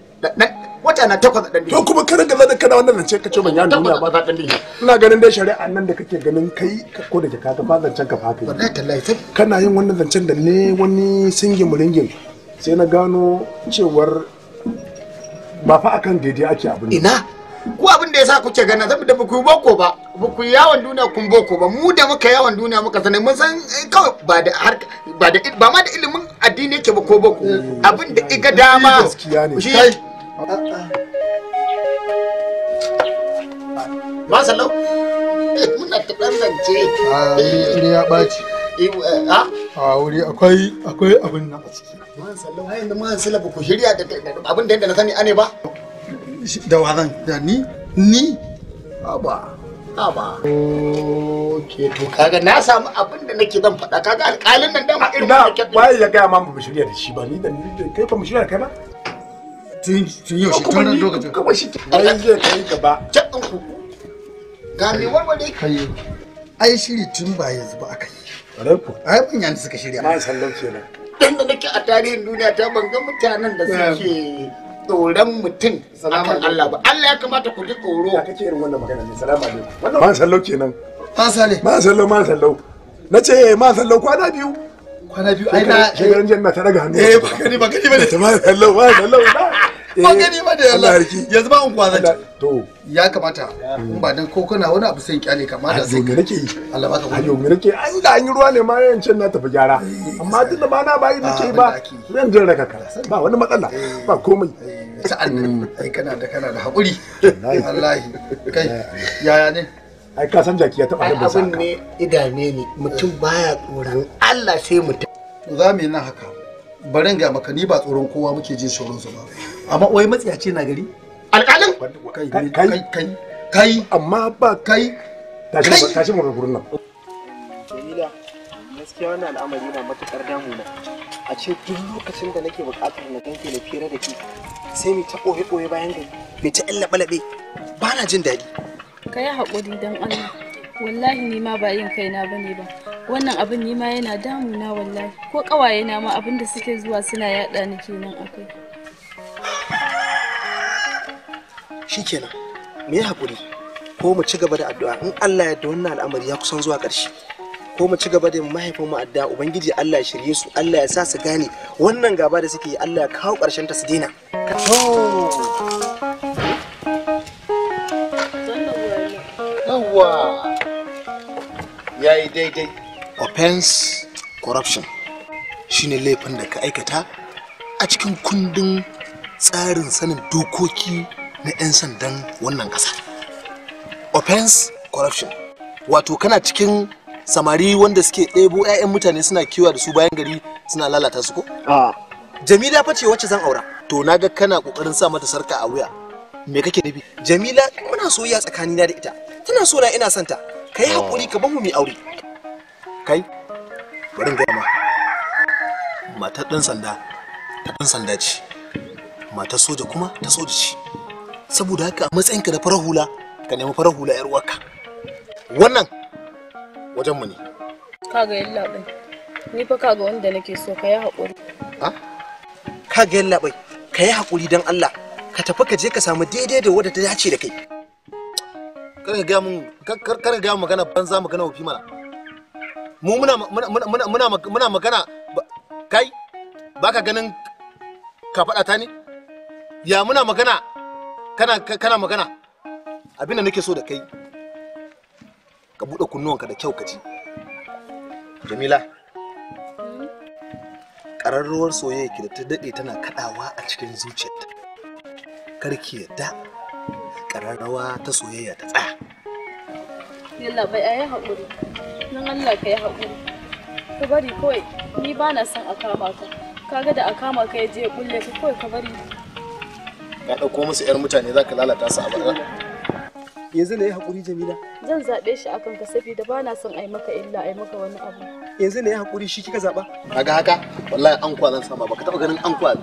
wata na takwas dan dishi to kuma ka ringa zan kana wannan ce ka ce ban yawon duniya ba dan dishi ina ganin dai shari'a nan da kake ganin kai ko da ka ba zancen ka fa kai wallahi tallahi sai kana yin wannan zancen da ne wani singin muringin sai na gano cewar ba fa akan daidai ake abin ina ku abin da yasa kuke gana saboda ba ku yi boko ba ba ku yawon duniya kun boko ba mu da muka yawon duniya muka sanar mun san eh, kawai ba da har ba da ba ma da ilimin addini yake ba ko boko eh, abin da iga eh, dama shi ba sallau muna ta dan zance a ah, ya baci a ah? ah, wuri akwai akwai abin nan a ciki man sallau har yanzu man sallau ba ku shirya da abin da yanda na sani ane ba da wazan da ni ni haba haba ke to kaga na samu abin da nake zan faɗa kaga alƙalin nan dama irin da kake ba ya ga ma mu shirya da shi ba ni da ni kai fa mu shirya kai ba tun tun yau shi tun nan lokacin kuma shi ai zai kai gaba can ku ga me warware kai ai shiri tun ba yanzu ba akai yi ai mun yanzu suka shirya ma sallau kenan dan da nake a tarihin duniya ta ban ga mutanen da suke tsoron mutum akan Allah ba Allah ya kamata ku ji tsoro ya kake irin wannan magana ne salamu alaikum wannan man sallau kenan man sale man sallau man sallau nace eh, man sallau kwana biyu kwana biyu ai na shekaran janna ta daga hannu eh ba gani ba gani ba ne man sallau man sallau ba gani ba da eh, Allah yanzu ba unguwa zan to ya kamata in ba dan kokona wani abu sai kyale kama da sai nake yi Allah baka gani yau nake an da an yi ruwa ne ma yancin na tafi gyara eh, amma tunda ba na bayi nake ba zan jin raka ba wani matsala ba komai sa'an nan ai kana da kana da haƙuri wallahi kai yaya ne ai ka san jaki ya taɓa da abin ne idane ne mutum baya tsoron Allah sai mutum to za mu yi nan haka barin ga maka ni ba tsoron kowa muke jin tsoron su ba amma wai matsiyaci na gari alƙalin kai kai kai kai amma ba kai tashi tashi mu gurin nan gaskiya wannan al'amari na matukar damuna a ce duk lokacin da nake buƙatar na ganke na fira da ke sai mu ta ɓoye bayan gari mai ta ƴan laɓe ba na jin daɗi ka yi haƙuri don allah wallahi ni ba yin kaina ba ne ba wannan abin ni yana damuna wallahi ko ƙawaye na ma abin da suke zuwa suna yaɗa ni kenan akai shikenan me haƙuri ko mu ci gaba da addu'a in allah ya yarda wannan al'amari ya kusan zuwa ƙarshe ko mu ci gaba da mahaifin mu addu'a ubangiji Allah ya shirye su Allah ya sa su gane wannan gaba da suke yi Allah ya kawo karshen ta su daina yayi daidai offense corruption shine laifin da ka aikata a cikin kundin tsarin sanin dokoki na 'yan sandan wannan ƙasa offense corruption wato kana cikin samari wanda suke ɗebo 'ya'yan mutane suna kiwa da su bayan gari suna lalata su ko? Jamila fa ce wacce zan aura. To na ga kana kokarin sa mata sarka a wuya. Me kake nufi? Jamila muna soyayya tsakanina da ita. Tana so na ina santa. Kai hakuri ka bamu mu aure. Kai bari ga ma. Mata dan sanda ta dan sanda ce. Mata soja kuma ta soja ce. Saboda haka a matsayinka da farar hula ka nemi farar hula 'yar uwarka. Wannan wajen ne kaga yalla bai ni fa kaga wanda nake so ka yi haƙuri Ha? kaga yalla bai ka yi haƙuri don Allah ka tafi ka je ka samu daidai da wadda ta dace da kai kar ka ga mun kar ka ga magana banza magana wafi mana mu muna muna muna muna magana kai baka ganin ka faɗa ta ne ya muna magana kana kana magana abin da nake so da kai ka buɗe kunnuwanka da kyau ka ji jamila ƙararruwar soyayya ki da ta daɗe tana kaɗawa a cikin zuciyarta karki yadda ƙararrawa ta soyayya ta tsaya yalla bai ayi haƙuri don allah ka yi haƙuri ka bari kawai ni ba na son a kama ka kaga da a kama ka ya je ya kulle ka kawai ka bari ka ɗauko musu 'yar mutane za ka lalata su a bara yanzu na yi haƙuri jamila zan zaɓe shi akan ka saboda ba na son ai maka illa ai maka wani abu yanzu na yi haƙuri shi kika zaɓa kaga haka wallahi an zan sama ba ka taɓa ganin an kwa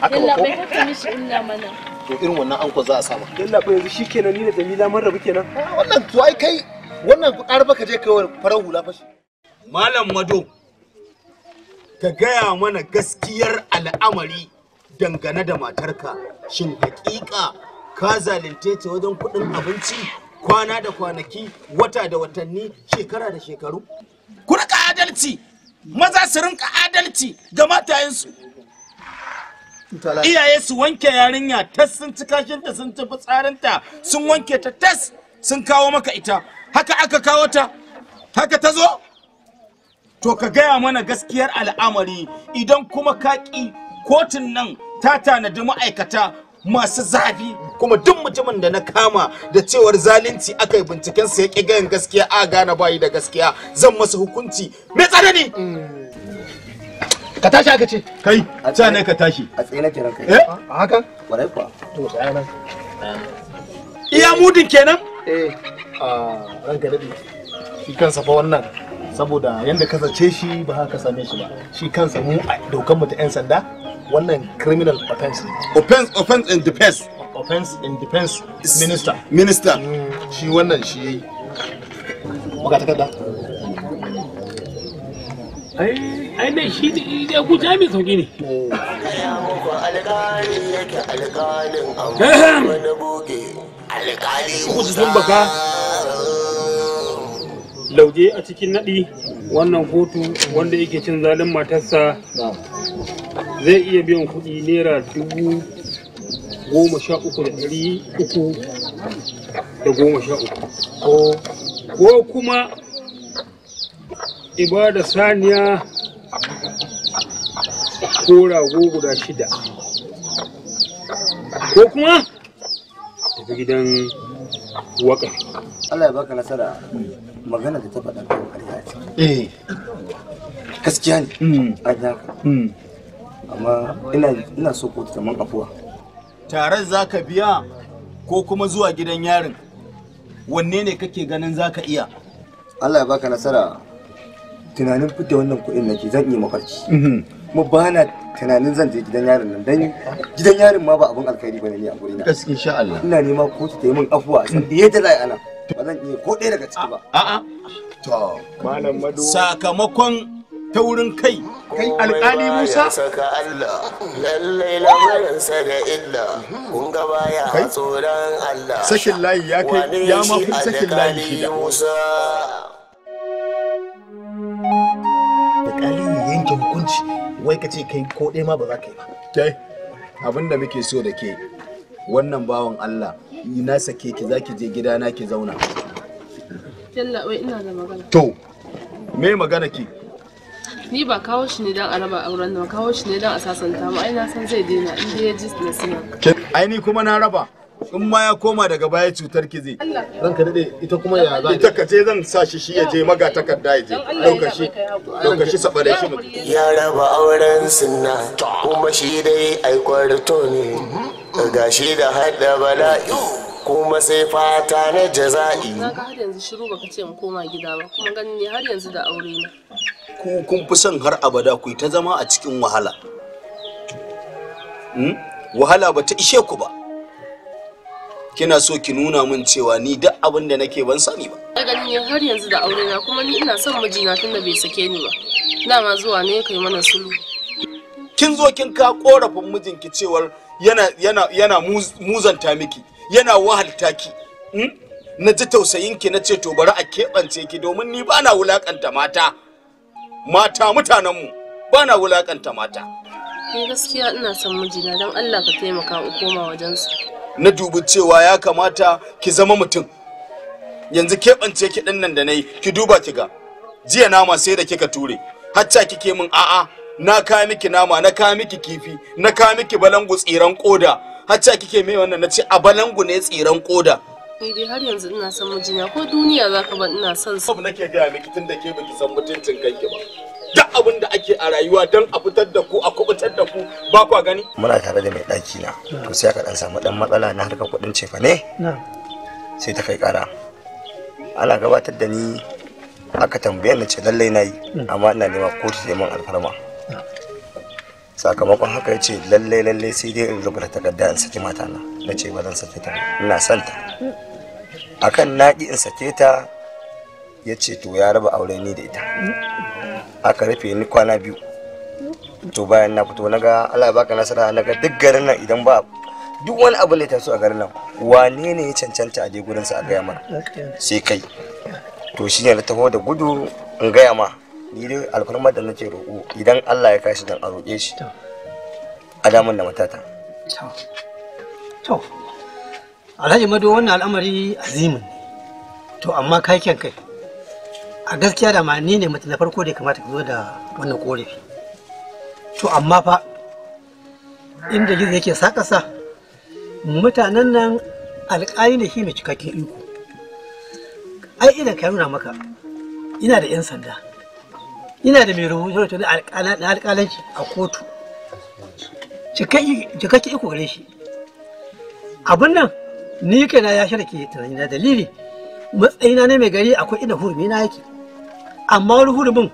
haka ba ko mishi illa mana to irin wannan an za a sama yalla ba yanzu shikenan ni da jamila mun rabu kenan ah, wannan to ai kai wannan ƙar baka je kai farar hula fashi malam mado ka gaya mana gaskiyar al'amari dangane da matarka shin haƙiƙa. ka zalunce ta wajen kuɗin abinci kwana da kwanaki wata da watanni shekara da shekaru ku rika adalci maza su rinka adalci ga matayensu iyaye su wanke yarinya tas sun ci kashin ta sun ci tsarinta sun wanke ta tas sun kawo maka ita haka aka kawo ta haka ta zo to ka gaya mana gaskiyar al'amari idan kuma ka ƙi kotun nan ta tanadi ma'aikata masu zafi kuma duk mutumin da na kama da cewar zalunci aka yi binciken sa ya ƙi gayan gaskiya a gane bayi da gaskiya zan masa hukunci mai tsanani ka tashi aka ce kai a ce ne ka tashi a tsaye kenan kai eh a haka kwarai kuwa to tsaya nan iya mudin kenan eh a ah, ranka dade shi kansa fa wannan saboda yanda ka zace shi ba haka same shi ba shi kansa mu dokan mu ta yan sanda wannan criminal offense offense offense in defense offense in defense minister minister mm, shi wannan shi yayi maka takarda ai ai ne shi dai ku jami sauki ne alƙali alƙalin amma wani baka lauje a cikin naɗi wannan hoto wanda yake cin zalin matarsa zai iya biyan kuɗi naira dubu goma sha uku da ɗari uku da goma sha uku ko kuma ibada saniya ko rago guda shida ko kuma tafi gidan wakafi Allah ya baka nasara magana da ta faɗa ko ƙarya ce eh. gaskiya ne hmm. a amma ina so kotu ta afuwa tarar za ka biya ko kuma zuwa gidan yarin wanne ne kake ganin za ka iya allah ya baka nasara tunanin fita wannan kuɗin nake zan iya mafarki mu mhm. ba na tunanin zan je gidan yarin nan dan gidan yarin ma ba abun alkhairi bane ne a gurina gaskiya insha Allah ina nema kotu ta yi min afuwa a san da yadda za a ana ba zan iya ko ɗaya daga ciki ba a'a to malam madu sakamakon ta wurin kai alƙali musa sakin layi ya kai ya mafi sakin layi shida alƙali ne yanke hukunci wai ka ce kai ko ɗaya ma ba za ka yi ba kai abinda muke so da ke wannan bawan Allah na sake ki za ki je gidana ki zauna. Yalla wai ina da magana. To, me magana ki? ni ba kawo shi ne don a raba auren nan kawo shi ne don a sasanta mu ai na san zai daina in dai ya ji nasiha ai ni kuma na raba in ma ya koma daga baya cutar ki zai ranka dade ita kuma ya za ita kace zan sa shi shi ya je maga takarda ya je dauka shi dauka shi saba shi ya raba auren sunna kuma shi dai ai kwarto ne mhm. shi da hadda bala'i kuma sai fata na jaza'i na ga har yanzu shiru baka ce mu koma gida ba kuma gani ne har yanzu da aure ne ku kun fi son har abada ku ta zama a cikin wahala hmm? wahala ba ta ishe ku ba kina so ki nuna min cewa ni duk abin da nake ban sani ba gani ne har yanzu da aure na kuma ni ina son mijina tunda bai sake ni ba dama zuwa ne kai mana sulhu kin zo kin ka korafin mijinki cewar yana yana yana muzanta miki yana wahalta ki hmm? na ji tausayin ki na ce to bari a keɓance ki domin ni bana wulakanta mata mata mutanenmu bana wulakanta mata ni gaskiya ina son mijina don Allah ka taimaka in koma su na dubi cewa ya kamata ki zama mutum yanzu keɓance ki dinnan nan da na yi ki duba ki ga jiya nama sai da kika ture Hacca kike min a'a na kai miki nama na kai miki kifi na kai miki balangu tsiran koda har kike mai wannan na ce abalangu ne tsiran koda kai dai har yanzu ina san mijina ko duniya za ka ban ina son abu nake gaya miki tun da ke baki san mutuncin kanki ba duk abin da ake a rayuwa dan a fitar da ku a kubutar da ku ba kwa gani muna tare da mai ɗaki na to sai aka dan samu ɗan matsala na harkar kuɗin cefa ne sai ta kai ƙara ana gabatar da ni aka tambaye ni ce lallai na yi mm. amma ina nema kotu neman alfarma sakamakon haka ya ce lallai lallai sai dai in rubuta takarda in saki mata na na ce ba zan saki ta ina son ta akan naƙi in sake ta ya ce to ya raba aure ni da ita aka rufe ni kwana biyu to bayan na fito na ga Allah baka nasara na ga duk garin nan idan ba duk wani abu ne taso a garin nan wane ne ya cancanta a dai gurin sa a gaya mana sai kai to shi ne na taho da gudu in gaya ma ni dai alfarmar da nake roƙo idan Allah ya kashi dan a roƙe shi a damun da matata to alhaji mado wannan al'amari azimin to amma kai kyan kai a gaskiya da ma ni ne mutum na farko da ya kamata ka zo da wannan korafi to amma fa inda gizo yake sakasa mutanen nan alƙali ne shi mai cikakken iko ai idan ka nuna maka ina da 'yan sanda ina da mai rubutu da alƙalanci a kotu cikakke iko gare shi abin nan ni na ya tunani na. dalili matsayina na mai gari akwai ina hurumi na yake amma wani hurumin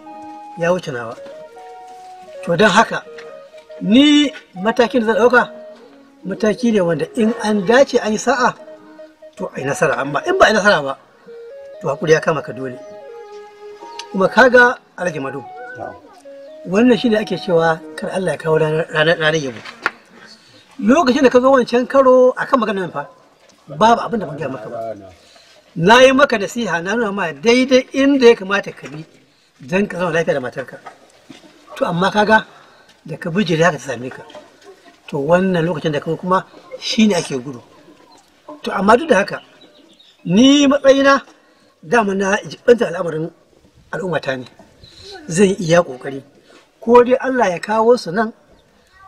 ya wuce nawa to don haka ni matakin da zan ɗauka mataki ne wanda in an dace an yi sa'a to a yi nasara amma in ba a yi nasara ba to hakuri ya kama ka dole kuma kaga alhaji wannan shi ne ake cewa kar allah ya kawo ranar yabo lokacin da ka zo wancan karo a akan maganar fa babu abin da ban gaya maka ba na yi maka nasiha na nuna ma daidai inda ya kamata ka bi don ka zama lafiya da matarka to amma kaga da ka bije da haka ta same ka to wannan lokacin da kuma kuma shine ake gudu to amma duk da haka ni matsayina dama na jibanta al'amarin al'ummata ne zan iya kokari ko dai Allah ya kawo su nan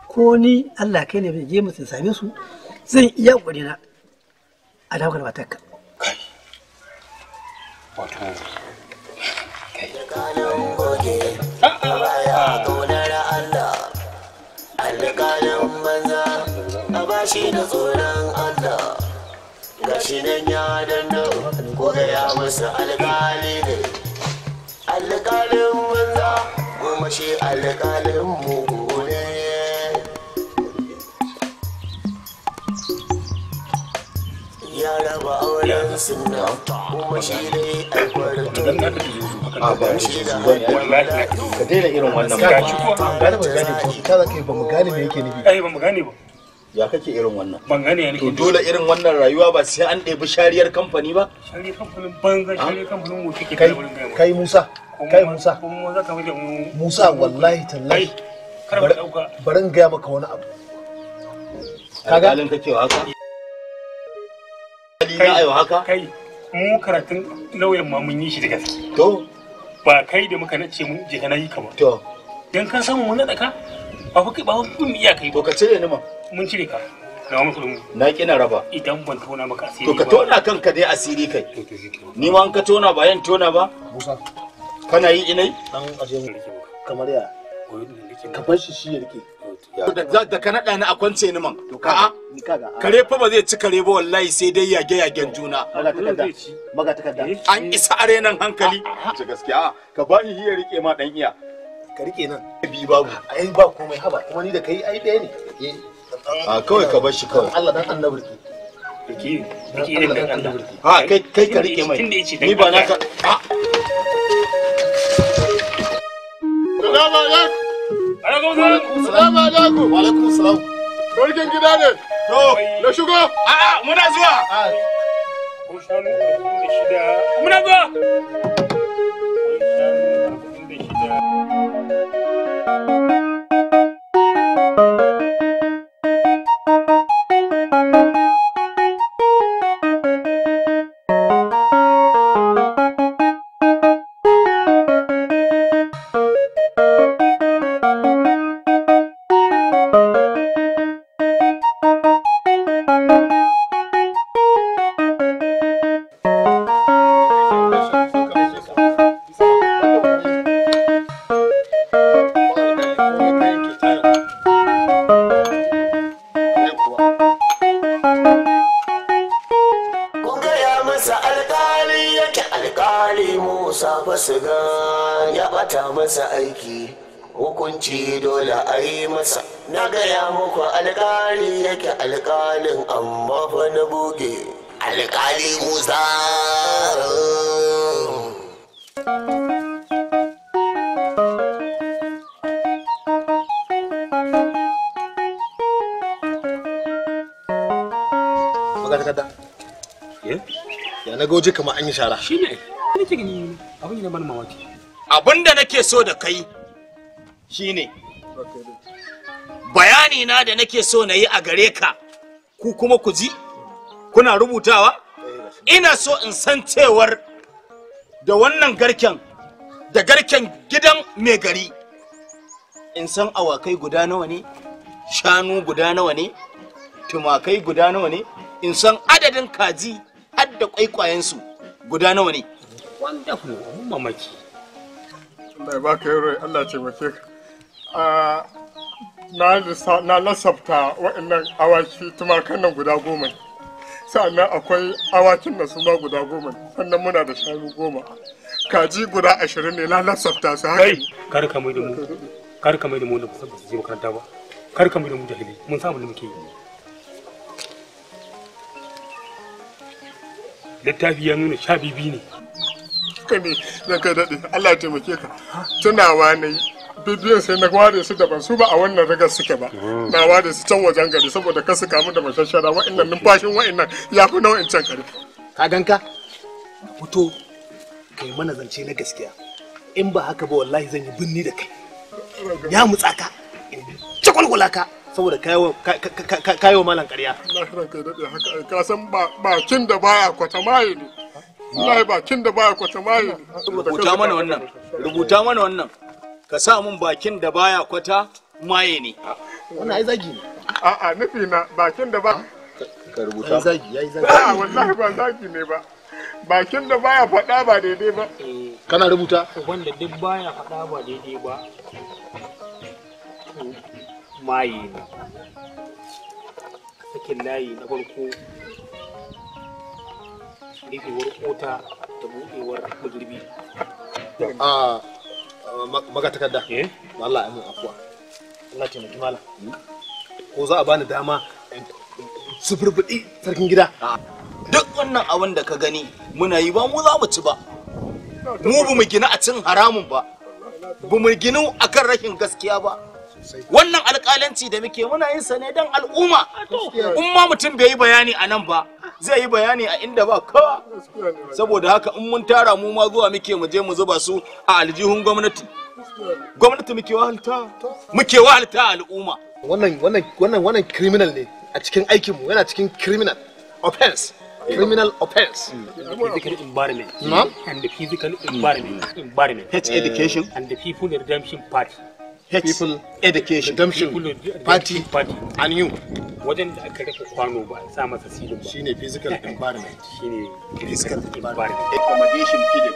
ko ni Allah kai ne bai je mu same su zan iya kokari na a dakar da gashi nan ya danna ko ya masa alƙali ne alƙalin kuma alƙalin mu ya raba auren suna kuma shi ne ba shi ka daina irin wannan gane gane ba mu gane me yake nufi ai eh, ba mu gane irin wannan to dole irin wannan rayuwa ba sai an ɗebi shariyar kamfani ba kai Musa kai musa musa wallahi tallahi barin gaya maka wani abu kaga alin kake wa haka kai ayo haka kai mu karatun lauyan ma mun yi shi da gaske to ba kai da muka nace mun je kana yi ka ba to dan ka samu mun nada ka ba fa ba kun iya kai to ka cire ni ma mun cire ka na wani kudin na kina raba idan ban tona maka asiri to ka tona kanka dai asiri kai ni ma an ka tona ba yan tona ba musa kana yi inai an rike kamar ya shi shi da ka naɗa ni a kwance ni man a'a kare fa ba zai ci kare ba wallahi sai dai yage yagen juna eh, an eh. isa arenan hankali ah, ah. ce gaskiya ka ba shi ya rike ma dan iya ka rike nan bi babu ai ba komai haba kuma ni da kai ai ɗaya ne a ah, kawai ka bar shi kawai Allah dan Biki, Ha, ah, kai kai ka rike mai. Ni ba ah. Salamu alaikum. Salamu alaikum. Wa alaikum salam. gida ne. To, na shigo. muna zuwa. Ah. Muna zuwa. shara ne, nake gani abin da mana mawaki abin da nake so da kai shi ne, bayani na da nake so na yi a gare ka ku kuma ku ji kuna rubutawa ina so in san cewar da wannan garken da garken gidan mai gari in san awakai guda nawa ne shanu guda nawa ne tumakai guda nawa ne in san adadin kaji har da kwaikwayensu guda nawa ne wonderful mamaki Allah ya baka yaro Allah ya taimake ka na lasafta waɗannan awaki tumakan nan guda goma Sannan akwai awakin da su ma guda goma sannan muna da shanu goma kaji guda ashirin ne na lasafta su haka kar ka mai da mu kar ka mai da mu da ba su je makaranta ba kar ka mai da mu jahili mun samu da muke yi littafi ya nuna sha bibi ne kane na kai daɗe Allah ya taimake ka tunawa na yi bibiyan sai na ware su daban su ba a wannan ragar suke ba mm. na ware su can wajen gari saboda ka su kamu da mashashara wa'annan numfashin wa'annan ya fi nau'in can kare ka ganka fito kai mana zance na gaskiya in ba haka ba wallahi zan yi binni da kai ya mutsaka in ka saboda kayo malam ƙarya. Lahiran kai ka san bakin da baya kwata maye ne. Wallahi bakin da baya kwata maye ne. Rubuta mana wannan. Rubuta mana wannan. Ka sa mun bakin da baya kwata maye ne. Wannan ai zagi ne. A'a nufi na bakin da ba. Ka rubuta. Ai zagi, ai zagi. A'a wallahi ba zagi ne ba. Bakin da baya faɗa ba daidai ba. Kana rubuta? Wanda duk baya faɗa ba daidai ba. maye ne sakin layi na farko rufewar kota da buɗewar magirbi a magatakarda eh? Allah ya mun afuwa Allah ce taimaki mala hmm? ko za a bani dama sufurfuɗi sarkin gida duk wannan abin da ka gani muna yi ba mu za mu ci ba mu bu mu gina a cin haramun ba bu mu gina a kan rashin gaskiya ba wannan alƙalanci da muke muna yin sa ne dan al'umma in ma mutum bai yi bayani a nan ba zai yi bayani a inda ba kawa saboda haka in mun tara mu ma zuwa muke mu je mu zuba su a aljihun gwamnati gwamnati muke wahalta muke wahalta al'umma wannan wannan wannan wannan criminal ne a cikin aikin mu yana cikin criminal offense criminal offense hmm. physical environment and the physical environment environment education and the people redemption party H people education redemption people, party, party and you wajen da aka rufe kwano ba sa masa silin ba shine physical environment shine physical environment accommodation period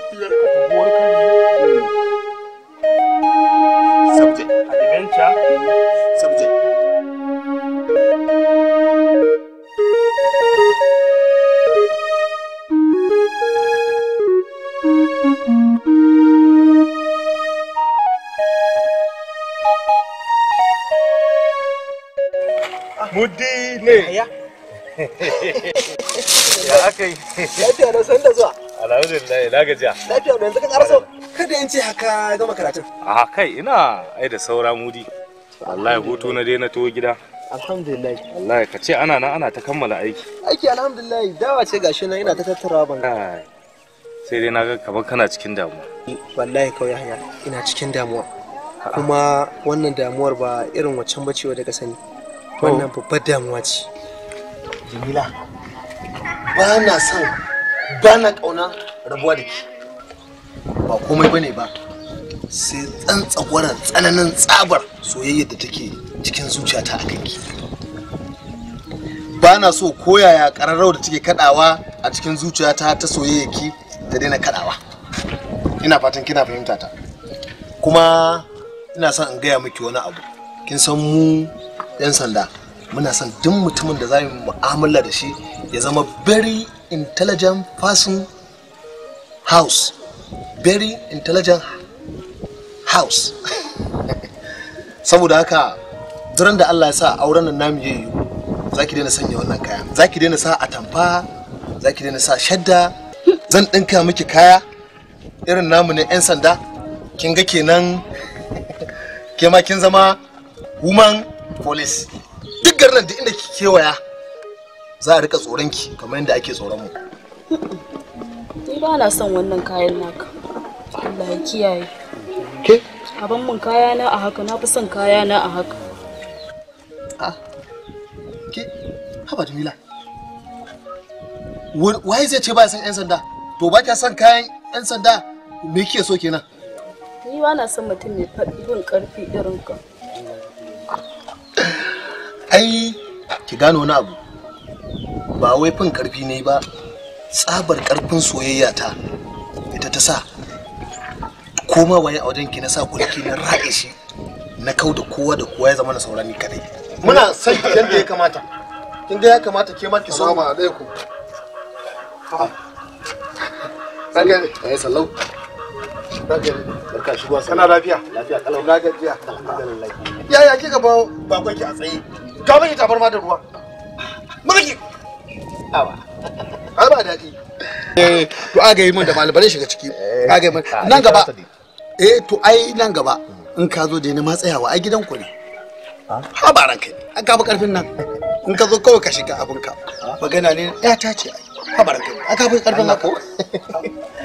subject adventure subject mudi ne ya aka yi lafiya na san da zuwa alhamdulillah na gajiya lafiya da yanzu ka karaso kada in ce haka gama karatun a kai ina ai da saura mudi ya hutu na dai na to gida alhamdulillah Allah ka ce ana nan ana ta kammala aiki aiki alhamdulillah dawa ce gashi nan ina ta tattara ban sai dai na ga kamar kana cikin damuwa wallahi kawai haya ina cikin damuwa kuma wannan damuwar ba irin waccan wa daga sani wannan babbar damuwa ce jamila ba na son ba na ƙauna rabuwa da ke ba komai ne ba sai tsantsagwarar tsananin tsabar soyayyar da take cikin zuciyata a kanki ba na so koyaya ƙararrau da take kaɗawa a cikin zuciyata ta soyayyaki ta daina kaɗawa ina fatan kina fahimta ta kuma ina son in gaya miki wani abu kin san mu 'yan sanda muna son duk mutumin da za mu mu'amala da shi ya zama very intelligent person house very intelligent house saboda haka duran da Allah ya sa auren nan namu yayi za ki daina sanya wannan kaya za ki daina sa atamfa za ki daina sa shadda zan ɗinka miki kaya irin namu ne 'yan sanda kin ga kenan ke ma kin zama woman police duk garin da inda kike waya za a rika tsoron ki kamar yadda ake tsoron mu ni ba na son wannan kayan naka Allah ya kiyaye ke a mun kaya na a haka na fi son kaya na a haka a ke haba jamila waye zai ce ba san yan sanda to ba ka son kayan yan sanda me kike so kenan ni ba na son mutum mai faɗi bin karfi irin ka ki gano wani abu ba wai fin karfi ne ba tsabar karfin soyayya ta ita ta sa koma waye a wajen ki na sa kulki na raƙe shi na kau da kowa da kowa ya zama na saurani kadai muna san ki da ya kamata kin ga ya kamata ke ma ki so ma dai ku Rage Eh Barka Kana lafiya? Lafiya kalau Yaya kika ba bakon ki a tsaye? ja mai tabarma da ruwa mulki awa har ba daɗi eh to aga yi da shiga ciki aga yi eh, nan gaba eh to ai nan gaba in ka zo ma tsayawa ai gidan ku ne ha in ka zo kawai ka shiga magana ne ya ta ce ai ha ba an karfin nan ko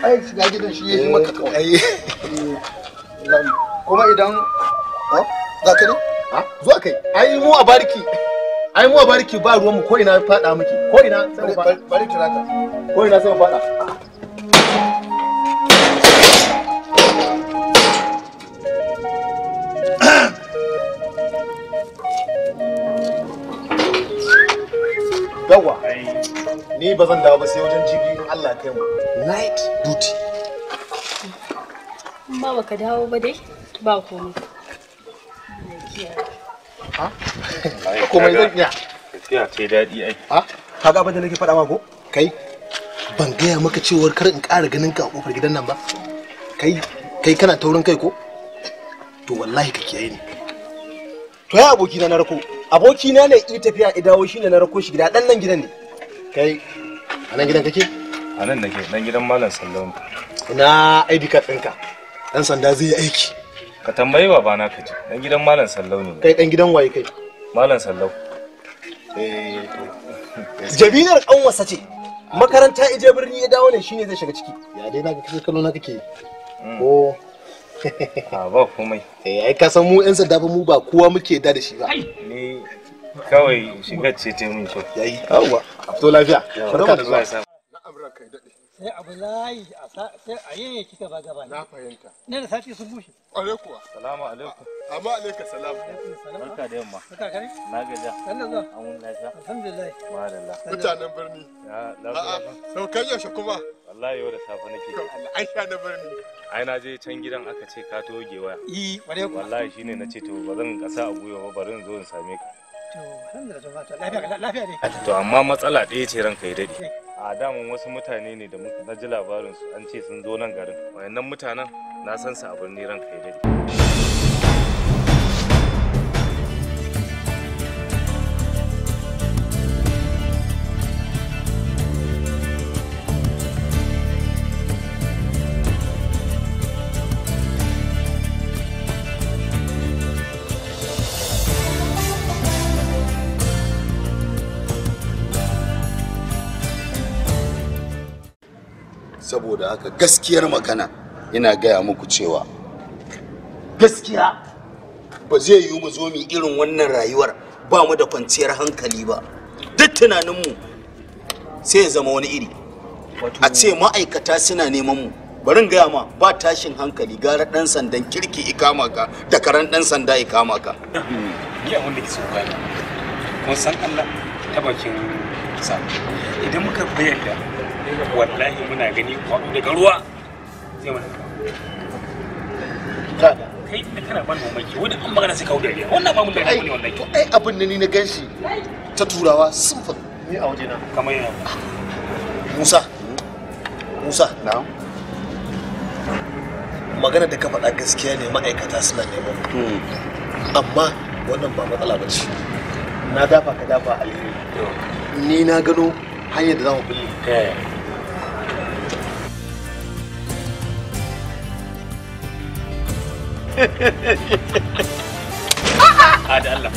ai shiga gidan shi maka eh, kawai zuwa kai ai mu a bariki ai mu a bariki ba ruwan mu ko ina fada miki ko ina sai mu fada bari ko ina sai mu fada ni ba zan dawo ba sai wajen jibi in Allah kai mu night duty ba baka dawo ba dai ba komai ha komai zan iya tafiya ce daɗi abin da nake faɗa ma ko kai ban gaya maka cewar kar in ƙara ganin ka a ƙofar gidan nan ba kai kai kana taurin kai ko to wallahi ka kiyaye ni to ya aboki na narko aboki na ne yi tafiya i dawo shine na rako shi gida dan nan gidan ne kai a nan gidan kake a nan nake nan gidan malam sallon ina ID card ɗinka dan sanda zai yi aiki ka tambayi na ka ji dan gidan malam sallau ne kai dan gidan waye kai malam sallau eh jabinar wasa ce makaranta ije birni ya dawo ne shine zai shiga ciki ya dai naga kake kallo na kake mm. ko a ah, ba komai eh ai ka san mu yan sanda mu ba kowa muke da da shi ba ni kawai shiga ce ta mun kyau yayi yawa to lafiya barka da zuwa na amra kai dade sai abu layi sai a gaba gaba na fahimta ne da sati sun bushe Ƙware Salamu alaikum. Amma alaikum Barka da yamma. Barka Na gaja. Sannan zuwa. lafiya. Alhamdulillah. alhamdulillah. Mutanen birni. Ya lafiya. Saukan yaushe kuma. Wallahi yau da safe na birni. Ai na je can gidan aka ce ka waya. na to ba kasa a gwiwa ba bari zo in same ka. To amma matsala ɗaya ce ranka ya daɗe. Eh. A daman wasu mutane ne da na ji labarinsu an ce sun zo nan garin. Wayannan mutanen na san sa niran kai dai saboda haka gaskiyar magana ina gaya muku cewa gaskiya ba zai yiwu mu zo mu irin wannan rayuwar ba mu da kwanciyar hankali ba duk tunaninmu sai ya zama wani iri a ce ma'aikata suna neman mu barin gaya ma ba tashin hankali gara dan sandan kirki ikama ka da karan dan sanda ikama ka ni abin da ke so san Allah ta bakin sa idan muka bayyana wallahi muna gani kwado daga ruwa zai mana kai ai abin da ni na ganshi ta turawa simple ni a wajena kamar Musa hmm? Musa na'am magana da ka faɗa gaskiya ne ma'aikata suna neman hmm. amma wannan ba matsala ba ce na dafa ka dafa alheri ni na gano hanyar da za mu bulle Ada Allah.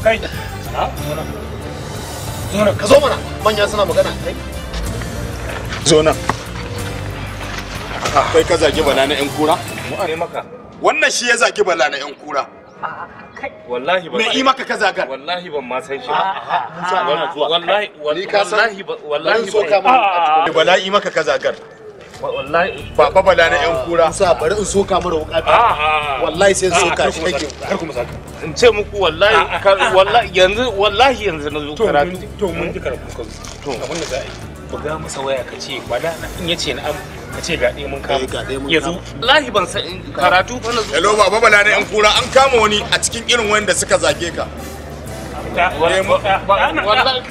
Kai. Zona. mana. Kai ka zagi bala na 'yan kura? Wannan shi ya zagi bala na 'yan kura. wallahi ban mai maka ka zagar wallahi ban ma san shi ba wallahi wallahi wallahi wallahi so ka ma bala'i maka ka zagar wallahi ba ba bala na yan kura musa bari in soka mara wuka wallahi sai soka shi kake kar kuma saka in ce muku wallahi wallahi yanzu wallahi yanzu na zo karatu to mun ji karatu ka to abin da za a yi buga masa waya ka ce bala in yace na abu ka ce gaɗe mun kama yanzu wallahi ban san karatu fa na zo hello ba ba bala na yan kura an kama wani a cikin irin wanda suka zage ka wallahi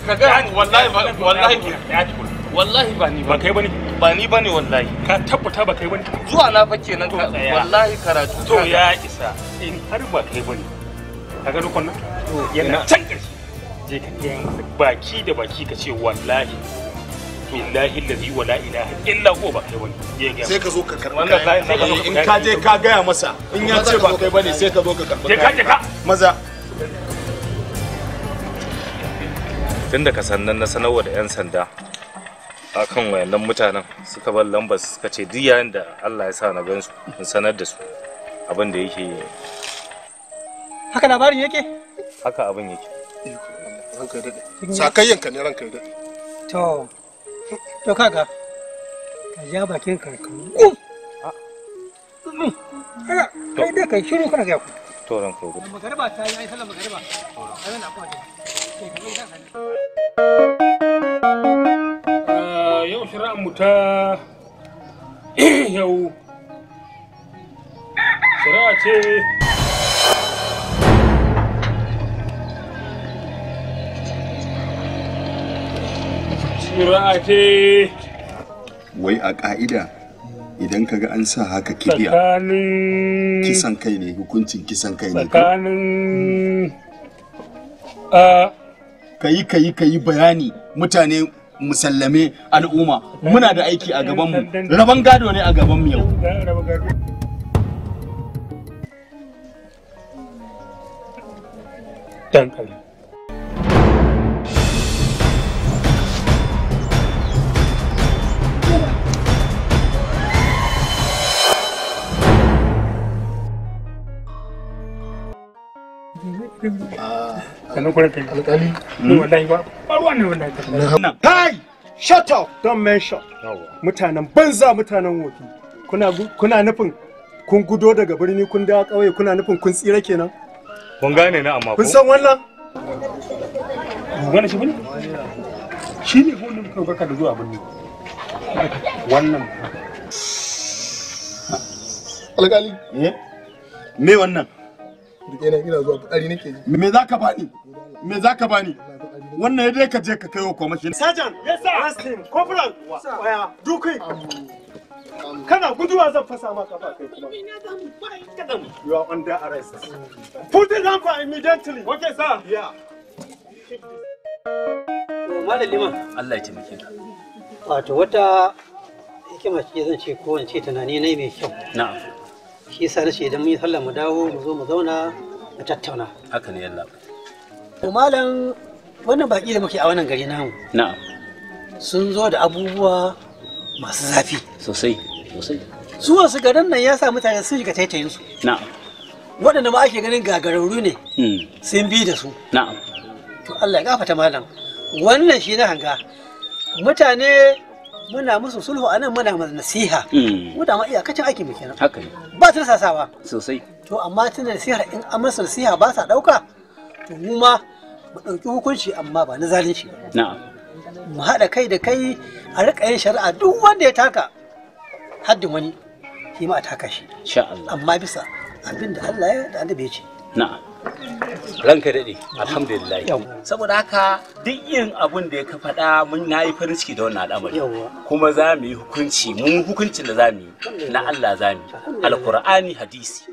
ka ga wallahi wallahi wallahi ba ni ba kai bane ba ni bane wallahi ka tabbata ba kai bane zuwa na fa kenan wallahi karatu to ya isa in har ba kai bane ga dukkan nan yana can karshe je ka ga baki da baki ka ce wallahi billahi allazi wala ilaha illa huwa ba kai bane sai ka zo ka karɓi in ka je ka gaya masa in ya ce ba kai bane sai ka zo ka karba je ka je ka maza tun da ka sannan na sanarwa da 'yan sanda akan wayannan mutanen suka bar lambar suka ce duk yayin da Allah ya sa na gan su in sanar da su abin da yake haka labarin yake haka abin yake ya ne ranka kai kai ya yau mu ta yau shari'a ce shari'a ce wai a ƙa'ida idan kaga an sa haka kibiya kisan kai ne hukuncin kisan kai ne tsakanin hmm. kayi kayi kayi bayani mutane musallame al'umma muna da aiki a gabanmu rabon gado ne a gabanmu yau sannan kuma kai alƙali ni wallahi ba ruwa ne wallahi kai shut up don't mention mutanen banza mutanen wofi kuna kuna nufin kun gudo daga birni kun dawo ƙauye kuna nufin kun tsira kenan kun gane na amma kun san wannan gane shi bane shi ne wannan kan baka da zuwa birni wannan alƙali eh? me wannan me za ka zuwa me za ka bani wannan ya dai ka je ka kai wa kwamashin sajan yes sir last waya dukai kana guduwa zan fasa maka ba kai kuma you are under arrest put it down immediately okay sir yeah Allah ya taimake ka. Wato wata hikima ce zan ce ko in ce tunani nai mai kyau. Na'am. shi yasa na idan mun yi sallah mu dawo mu zo mu zauna mu tattauna haka ne yalla to malam wannan baki da muke a wannan gari namu na'am sun zo da abubuwa masu zafi sosai sosai zuwa su garin nan ya sa mutane sun shiga taitayin su na'am waɗanda ma ake ganin gagararru ne hmm. sun bi da su na'am to Allah ya gafata malam wannan shi na hanga mutane muna musu sulhu a nan muna musu nasiha hmm. mu da ma iyakacin aiki mu kenan haka ne ba su sasawa sosai to amma tun da nasiha in an musu nasiha ba sa dauka to mu ma mu dauki hukunci amma ba na zalunci ba na'am mu haɗa kai da kai a rika yin shari'a duk wanda ya taka haddin wani shi ma a taka shi insha Allah amma bisa abinda Allah ya da annabi ya ce na'am ranka daɗe alhamdulillah saboda haka duk yin abun da ya ka faɗa mun na yi farin ciki da wannan al'amari kuma za mu yi hukunci mun hukuncin da za mu yi na Allah za mu yi alkur'ani hadisi